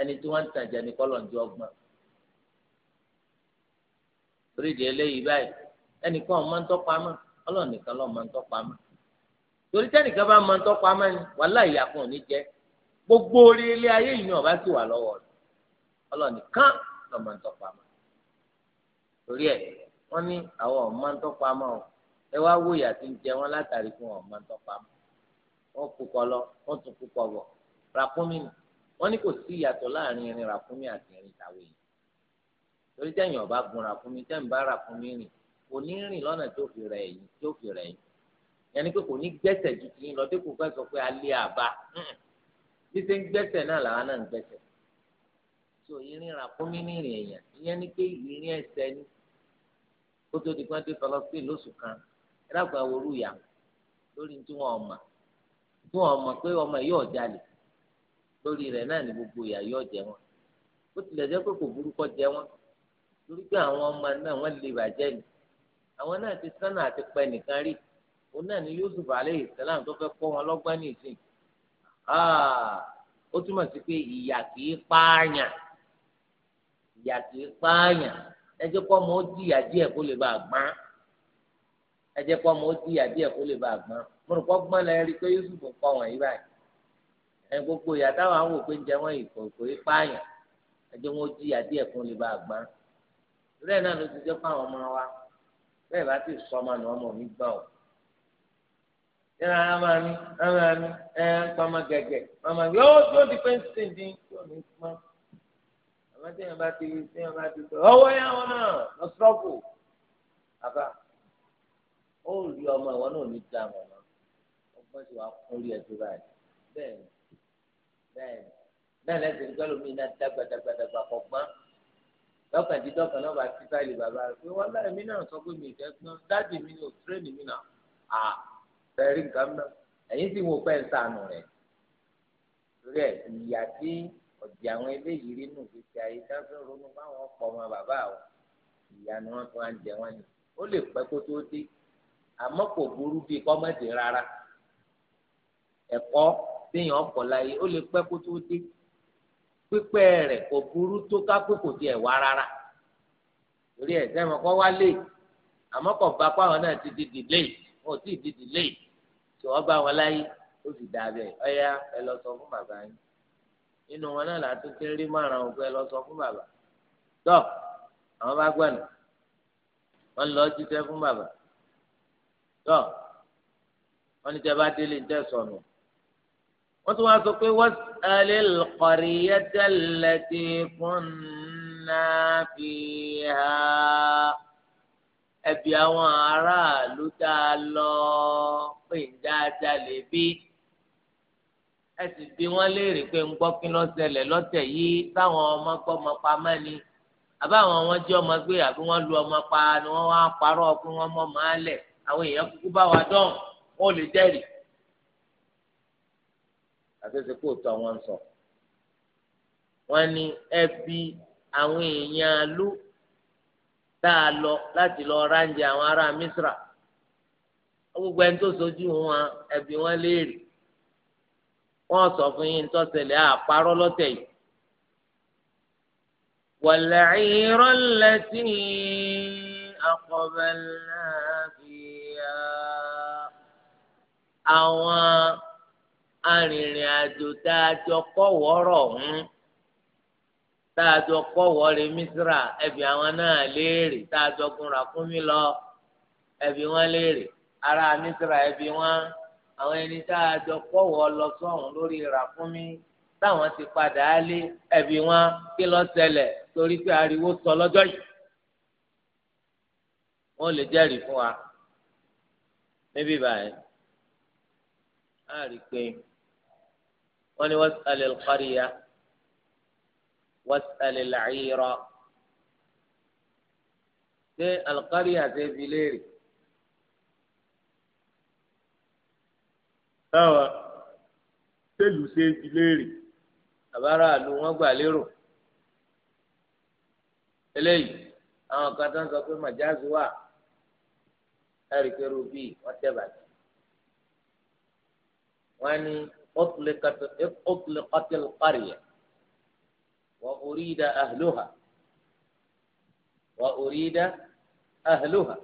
ẹni tí wọ́n ń tajà ní kọ́lọ̀ ń jọ ọgbọ́n torí di eléyìí ọmọ ń tọpa mọ nìkan lọ ọmọ ń mọ torí tẹ́nìkan bá máa ń tọ́pọ̀ amáni wàhálà ìyá fún òní jẹ́ gbogbo orí ilé ayé yìí ni ọba sì wà lọ́wọ́ rẹ̀ ọlọ́nìkan lọ́ máa ń tọ́pọ̀ amáni torí ẹ̀ wọ́n ní àwọn ọ̀ máa ń tọ́pọ̀ amá o ẹ wá wòye àti ń jẹ wọn látàrí fún ọ̀ máa ń tọ́pọ̀ amá wọ́n kú kọ lọ wọ́n tún kú kọ bọ̀ ràkúnmí ni wọ́n ní kò sí ìyàtọ̀ láàrin irin ràkúnmí àti irin tàwé yìí torí tẹ́yìn ọba gun ràkúnmí tẹ́yìn bá ràkúnmí rìn kò ní rìn lọ́nà tó fi rẹ̀ yìí tó fi rẹ̀ yìí yẹnni pé kò ní gbẹ́sẹ̀ ju ti yín lọ dípò fẹ́ sọ pé alẹ́ àbá bí ṣe ń gbẹ́sẹ̀ náà làwọn náà ń gbẹ́sẹ̀ so irin ra fún mi ní ìrìn èèyàn ìyẹn ni pé ìrìn ẹsẹ̀ ni kó tó di pé wọ́n ti fọlọ́ sí lóṣù kan ẹ̀dàgbà worú ìyá lórí tí wọ́n mọ̀ tí wọ́n mọ̀ pé ọmọ yóò jalè lórí rẹ̀ náà ni gbogbo ìyá yóò jẹ wọn bó tilẹ̀ jẹ́ pé kò burúkọ jẹ wọn torí pé àwọn ọmọ náà wọ́n lè bàjẹ́ ni àwọn náà ti sánà àti pẹ́ nìkan rí òun náà ni Yusuf alayhi salam tó fẹ́ kọ́ wọn lọ́gbọ́n nìsín ah, ó túmọ̀ sí pé ìyà kì í pààyàn ìyà kì í pààyàn ẹ jẹ́ kó ọmọ ó jìyà díẹ̀ kó lè bá a gbọ́n ẹ jẹ́ kó ọmọ ó jìyà díẹ̀ kó lè bá a gbọ́n mo rò kọ́ gbọ́n lẹ́yìn rí pé Yusuf ń kọ́ wọn yìí báyìí ẹ gbogbo ìyà táwọn àwọn òpin jẹ wọn ìkọ̀ kò í pààyàn ẹ jẹ́ wọn ó jìyà díẹ̀ kó lè bá a gbọ́n ìrẹ́ náà ló ti jẹ́ fáwọn ọmọ wa bẹ́ẹ̀ bá ti sọ ọmọ nù ọmọ mi gbọ́n ìran ama mi ama mi ẹ pàmò gẹgẹ pàmò gẹgẹ yóò tó di pẹ́ńsì dín tó ní pọ́n àmọ́ tí yẹn bá ti rí tí yẹn bá ti sọ ọwọ́ yẹn wọn náà lọ sọ́ọ̀bù àbá ó rí ọmọ ìwọ náà ní dá ọmọ náà ọgbọ́n ti wá kún rí ẹjọ́ báyìí bẹ́ẹ̀ ni bẹ́ẹ̀ ni bẹ́ẹ̀ lẹ́sẹ̀ ń gbọ́dọ̀ mí náà dágbàdàgbàdàgbà kọ̀ọ̀gbọ́n lọ́kàn dídọ́ kan náà bá ti sáyẹ̀lì bàbá rẹ̀ pé wọ́n láì mí náà sọ pé mi ìfẹ́ sẹ́rí nǹkan náà ẹ̀yìn sì wò pé ń sànù rẹ̀ torí ẹ̀ ìyá tí ọ̀dì àwọn eléyìí rí nù gbèsè ayé tí wọ́n fi ń ronú báwọn ọ̀pọ̀ ọmọ bàbá àwọn ìyá ni wọ́n fi wá ń jẹ wọ́n ni ó lè pẹ́ kó tó dé àmọ́ kò burú bíi kọ́mọ̀dé rárá ẹ̀kọ́ téèyàn ọkọ̀ láyé ó lè pẹ́ kó tó dé pípẹ́ rẹ̀ kò burú tó kápé kò tiẹ̀ wá rárá torí ẹ̀ sẹ́wọ̀n kọ́ wá àmọ́ kò bá pàwọn náà ti di dìlé wọn ò tí ì di dìlé tó ọba wọn láyé ó sì dà bẹ́ẹ̀ ọ̀yá ẹ lọ sọ fún bàbá yín nínú wọn náà látún ti rí márùn ún ẹ lọ sọ fún bàbá tó àwọn bá gbọ̀nà wọn lọ jíṣẹ́ fún bàbá tó wọn ní tẹ bá délé tẹ sọnù wọn tún wáá sọ pé wọn alẹ lọkọrí yẹtẹ lẹtí kúnná fi hà ẹbí àwọn aráàlú dá a lọ pé ń dáadáa lè bí ẹ sì bí wọn léèrè pé ń gbọ́ kí lọ́sẹ̀lẹ̀ lọ́tẹ̀ yìí táwọn ọmọ gbọ́ ọmọ pamọ́ ni àbá àwọn ọmọ jẹ́ ọmọ gbé àbí wọ́n lu ọmọ pa ni wọ́n wá parọ́ pé wọ́n mọ̀ máa lẹ̀ àwọn èèyàn kúkú bá wa dán wọn ò lè jẹ́rìí. àtẹ̀sẹ̀ kò tọ́ wọn sọ wọ́n ní ẹbí àwọn èèyàn lù tá a lọ láti lọ ránjẹ àwọn ará Misra gbogbo ẹni tó sojú wọn ẹbí wọn léèrè wọn sọ fún yín tó ṣẹlẹ̀ àparọ lọ́tẹ̀ yìí والعير التي أقبلنا فيها àwọn arìnrìn àjò tá a jọ kọ́ wọ́rọ̀ ọ̀hún. tààjọ kọ́wọ́ rẹ̀ mísírà ẹ̀bí àwọn náà léèrè tààjọ gunra fún mi lọ ẹ̀bí wọn léèrè ará mísírà ẹ̀bí wọn àwọn ẹni tààjọ kọ́wọ́ lọ sọ́hún lórí rà fún mi táwọn ti padà á lé ẹ̀bí wọn kí ló ṣẹlẹ̀ torí pé ariwo sọ lọ́jọ́ yìí wọ́n lè jẹ́rìí fún wa níbí báyìí á rí i pé wọ́n ní wọ́n sálẹ̀ lọ́kọ́rí ya wọ́sẹ̀lẹ̀ làyírọ̀ ṣé alùkárí àti ebi léèrè. táwa sẹ́lù ṣe ebi léèrè àbára àlù wọn gbà lérò eléyìí àwọn kan tó ń sọ pé màjáàzù wà láì pé rubí wọn tẹ bàjẹ́ wọn ni ó tilẹ̀ kọ́tẹ́lù kárìyà. وأريد أهلها وأريد أهلها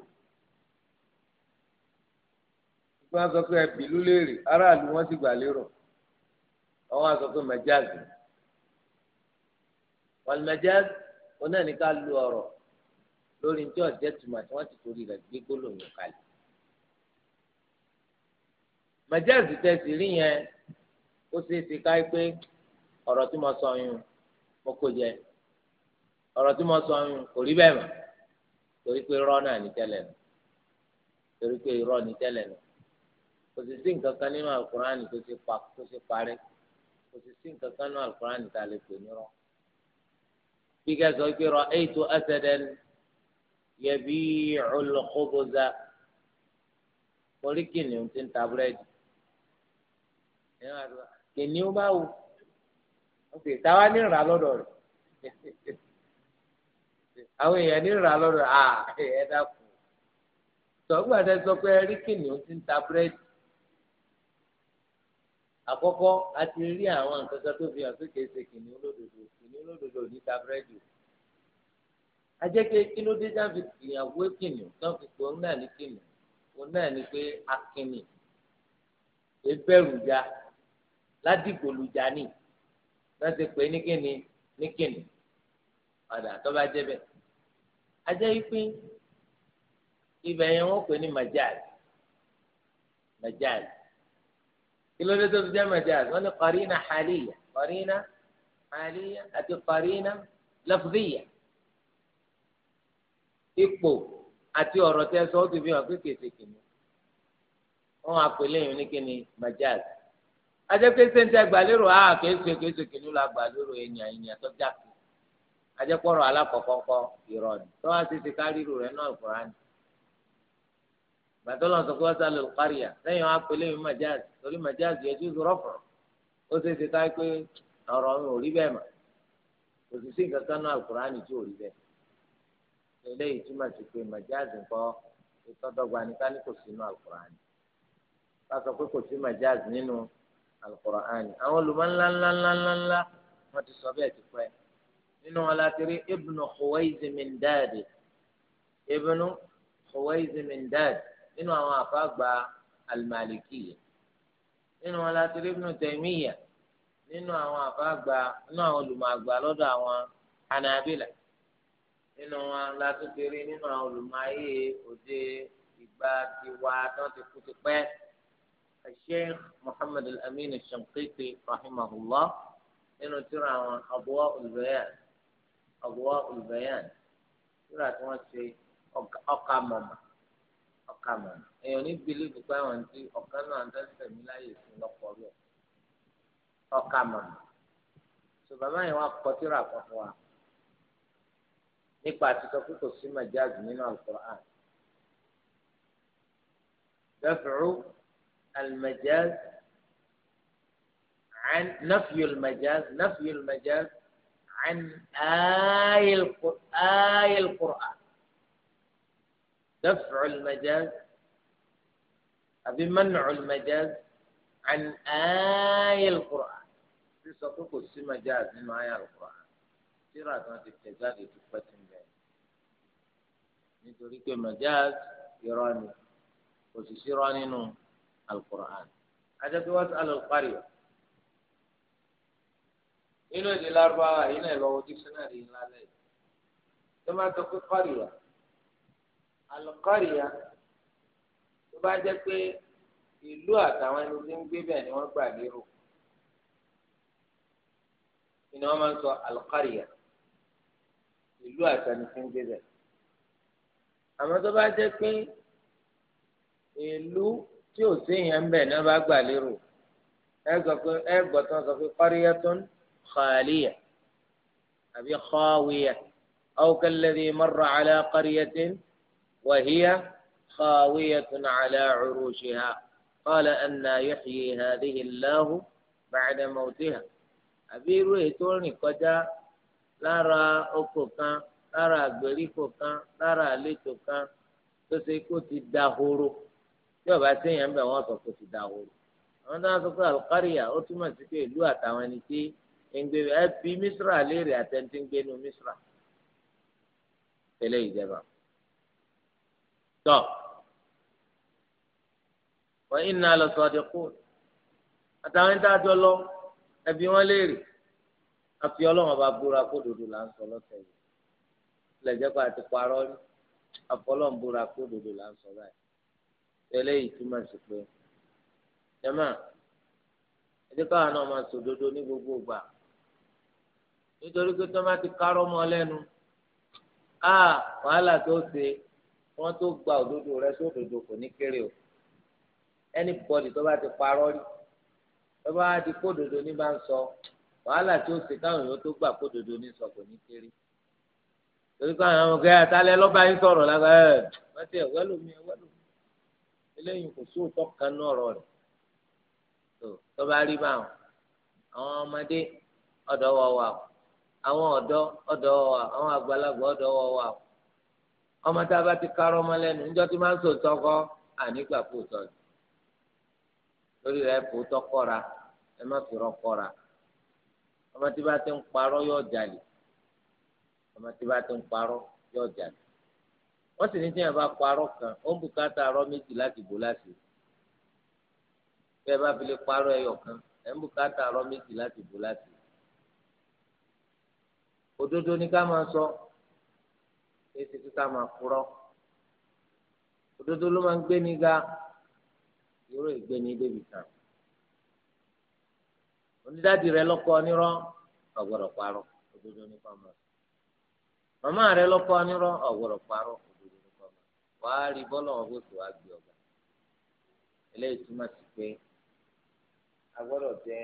wọ́n sọ pé ẹ̀bìlú léèrè aráàlú wọ́n sì gbà lérò wọ́n sọ pé wọ́n lu ọ̀rọ̀ lórí tuma tí wọ́n ti torí rẹ̀ gbé gbólóhùn kalẹ̀ mẹ́jáàzì tẹ̀sí rí yẹn ó ṣeé ṣe ká kókó jẹ ọ̀rọ̀ tí mo sọ ń kò rí bẹ́ẹ̀ mọ́ torí pé irọ́ náà ní tẹ́lẹ̀ nù torí pé irọ́ ní tẹ́lẹ̀ nù kò sì sí nǹkan kan nínú alukurani tó ti pa tó ti parí kò sì sí nǹkan kan nínú alukurani tá a lè pè nírọ́ bí ká sọ pé rọ èyí tó ẹsẹ̀ dẹ́nu yẹ bí olùkóbóza orí ti ń ta búrẹ́dì kìnìún bá wù ok táwa ní ìrà lọ́dọ̀ rẹ̀ àwọn èèyàn ní ìrà lọ́dọ̀ rẹ̀ ah ẹ dákun sọgbà tẹ sọ pé rí kìnìún ti ń ta búrẹ́dì àkọ́kọ́ a ti rí àwọn nǹkan kan tó fi hàn pé kìí ṣe kìnìún lódodo kìnìún lódodo ò ní ta búrẹ́dì o ajẹ́kẹ́ kí ló dé dáfi ìyàwó kìnìún tán fi pé òun náà ní kìnìún òun náà ní pé akínì ebẹ́rù ja ládìgbòlùjà nìyí láti pè é ní kíni ní kíni padà tó bá jẹ́ bẹ́ẹ̀ ajẹ́ ìpín ibẹ̀ yẹn wọ́n pè ní majaz majaz kí ló dé tó fi jẹ́ majaz wọ́n ní qarina haliya qarina haliya àti qarina lafziya ipò àti ọ̀rọ̀ tẹ́ sọ ó fi hàn pé kìíní wọ́n á pè léyìn ní kíni ajẹ́pẹ́ sẹ́ńtẹ́ gbàlérò a ah, kéésù kéésù kìlú la gbàlérò ènìyàn ènìyàn tó já sí ajẹ́pọ̀rọ̀ alákọ̀ọ́kọ́ irọ́ ni tó wá sí ti kárìrò rẹ̀ náà kúrán ni gbàtọ́lọ́ sọ pé wọ́n sálẹ̀ lùkárìyà lẹ́yìn wọn apẹ̀lẹ́ mi màjáàzì torí màjáàzì ẹjú rọ́fọ̀ ó ṣe ti ká pé ọ̀rọ̀ mi ò rí bẹ́ẹ̀ mà kò sì sí nǹkan kan náà kúrán ni tí ò rí bẹ́ẹ̀ eléyìí túmọ̀ sí pé màjáàzì nǹkan ìtọ́dọ̀gba ni ká ní kò sínú àkùrán ni ká sọ pé kò alukur'an àwọn olùmọ̀ ńlá ńlá ńlá ńlá ńlá wọ́n ti sọ bẹ́ẹ̀ ti pẹ́ nínú wọn láti rí ibnu khuwaizi min dadi ibnu khuwaizi min dadi nínú àwọn àfàgbà almalikiya nínú wọn láti rí ibnu taymiya nínú àwọn àfàgbà nínú àwọn olùmọ̀àgbà lọ́dọ̀ àwọn hanabila nínú wọn láti rí nínú àwọn olùmọ̀ ayé òde ìgbà tiwa tó ti kú ti pẹ́. الشيخ محمد الأمين الشنقيطي رحمه الله إنه ترى أضواء البيان أضواء البيان ترى توسي أقامما أقامما èèyàn ní bílíìfù pé àwọn ti ọ̀kan náà tó ń sẹ̀mí láyè sí lọ́pọ̀ rẹ̀ ọkà màmá tó bàbá yẹn wá kọ tírà kan fún wa nípa àtúntò pé kò sí màjáàzì nínú Al-Qur'an. dẹ́fẹ̀rú المجاز عن نفي المجاز نفي المجاز عن آي آي القرآن دفع المجاز بمنع المجاز عن آي القرآن في السمة مجاز من آي القرآن ترى ما تتجاد تفتن من نتوريك مجاز يراني وسيراني نوم alukur'an adébí wọ́n ti alùpàrí o nínú èdè lárúbáwá yìí náà lọ́wọ́ dictionary yìí lálẹ́ yìí tó máa sọ pé kọ́rì wa alùkọ́rì ya tó bá jẹ́ pé ìlú àtàwọn ẹni tí ń gbé bẹ́ẹ̀ ni wọ́n gbà lérò ni wọ́n máa ń sọ alùkọ́rì ya ìlú àtàwọn ẹni tí ń gbé bẹ́ẹ̀ àmọ́ tó bá jẹ́ pé ìlú. tí ò séèyàn ń bẹ̀ ní wọ́n bá gbà lérò ẹ gbọ́ pé ẹ gbọ́ tán sọ pé kọ́ríyá tó qaryatun khaliya àbí mọ́rọ̀ àlẹ́ kọ́ríyá khawiya aw kalladhi marra ala qaryatin wa hiya khawiyatun ala urushiha qala anna yuhyi hadhihi Allahu ba'da ha àbí irú ètò rìn kọjá lára oko kan lára àgbèríko kan lára àlejò kan tó ṣe kó ti dahoro. tí ọba séèyàn ń bẹ wọn sọ pé ti dà wò àwọn tó ń sọ pé alukariya ó túmọ̀ sí pé ìlú àtàwọn ẹni tí ń gbé ẹ bí misra léèrè àtẹ̀ntì ń gbé nu misra tẹ́lẹ̀ ìjẹba. tọ́ wọ́n iná lọ sọ ọdẹ kú àtàwọn tá a jọ lọ ẹbí wọn léèrè àfi ọlọ́run ọba búra kó dodo là ń sọ lọ́sẹ̀ yìí lẹ́jẹ̀ pé àti parọ́ àfọlọ́run búra kó dodo là ń sọ báyìí eléyìí túmọ̀ sí pé jẹ́mà ẹ̀dí káwọn náà máa sòdodo ní gbogbo ìgbà nítorí pé tọ́mà ti kárọ́ mọ́ lẹ́nu á wàhálà tó ṣe wọ́n tó gba òdodo rẹ sódodo kò ní kéré o anybody tó bá ti parọ́ rí tó bá di kódodo ní bá ń sọ wàhálà tó ṣe káwọn èèyàn tó gbà kódodo ní sọ kò ní kéré torí káwọn àwọn ọ̀gá àtàlẹ́ lọ́ba yín sọ̀rọ̀ lágbàá ẹ̀ wọ́n ti ẹ̀ wẹ́lómi ẹ̀ wẹ́lómi eléyìí kò sóòótọ́ kan náà ọ̀rọ̀ rẹ̀ tó tọ́ba rí báwọn àwọn ọmọdé ọ̀dọ́ wọ wà o àwọn ọ̀dọ́ ọ̀dọ́ wọ wà àwọn àgbàlagbà ọ̀dọ́ wọ wà o ọmọ tá a bá ti kárọ́ ọmọ lẹ́nu níjọ́ tí máa ń sòótọ́ kọ́ ànígbà fòótọ́ ni lórí rẹ̀ fòótọ́ kọ́ra ẹ má fi rọ́ ọmọ tí bá ti ń parọ́ yóò jalè ọmọ tí bá ti ń parọ́ yóò jalè wọ́n sì ní tí yẹn bá arọ kan ó ń bùkátà arọ́ méjì láti bò láṣẹ bẹ́ẹ̀ bá fi lè parọ́ ẹyọ kan ẹ̀ ń bùkátà arọ́ méjì láti bò láṣẹ òdodo ni ká máa sọ èsì tí ká máa òdodo ló máa ń gbé ní ga irú ìgbé ní débi kan onídàájú rẹ lọkọ òdodo ni ká máa sọ màmá rẹ lọkọ wàá rí bọ́lọ̀ wọn bó ti wá gbé ọ̀gá eléyìí túmọ̀ sí pé a gbọ́dọ̀ jẹ́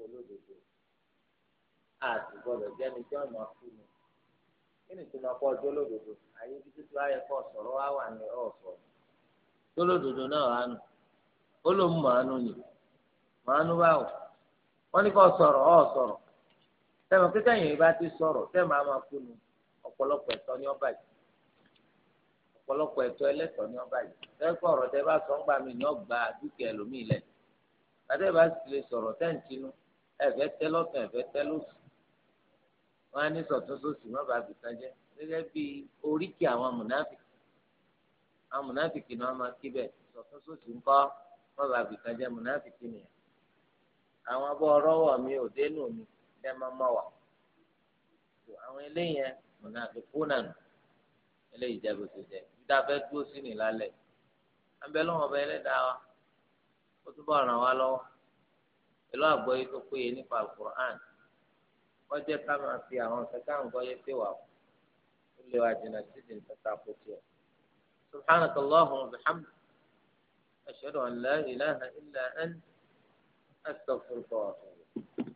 olódodo a sì gbọ́dọ̀ jẹ́ ní tí wọ́n máa kí ni túmọ̀ pọ̀ ọjọ́ olódodo àyè kọ́ sọ̀rọ̀ wá wà ní ọ̀sọ̀ olódodo náà wà nù ó ló ń màánú màánú wọ́n ní kọ́ sọ̀rọ̀ tẹ̀mọ̀ kíkẹ́yìn bá ti ọ ọ̀pọ̀lọpọ̀ ẹ̀tọ́ ẹlẹ́tọ̀ọ́ ní ọba yìí lẹ́kọ̀ọ́ ọ̀rọ̀ tẹ́ bá sọ ń gbà mí ní ọgbà dúkìá ẹlòmíì lẹ̀ tàdé bá sì lè sọ̀rọ̀ tẹ́ǹtinú ẹ̀fẹ́ tẹ́ lọ́tàn ẹ̀fẹ́ tẹ́ lọ́sì wọn á ní sọ̀tún sósì má bàa fi tán jẹ́ gẹ́gẹ́ bí oríkì àwọn amúnáfìkì àwọn amúnáfìkì ni wọ́n máa kí bẹ́ẹ̀ sọ̀tún sósì ńkọ́ má bàa fi tán jẹ́ amúnáfìkì nìyẹn àwọn abọ́ ọlọ́wọ́ mi ò dénú mi dẹ́ máa mọ̀ wá àwọn eléyẹn amúnáfìkì kúnà nù eléyìí jẹ́ bó jẹ́ tá a fẹ́ dúró sí ní lálẹ́ abẹ́ lọ́wọ́ ọba ẹlẹ́dàá wa ó túbọ̀ ràn wá lọ́wọ́ ìlú àgbọ́yé tó péye nípa alukur'an wọ́n jẹ́ ká máa fi àwọn kẹ́kẹ́ àgbọ́yé pé wà ó lè wà jìnnà sí ìdí nǹkan kó tiẹ̀. سبحانك اللهم وبحمدك أشهد أن لا إله إلا أنت أستغفرك وأتوب إليك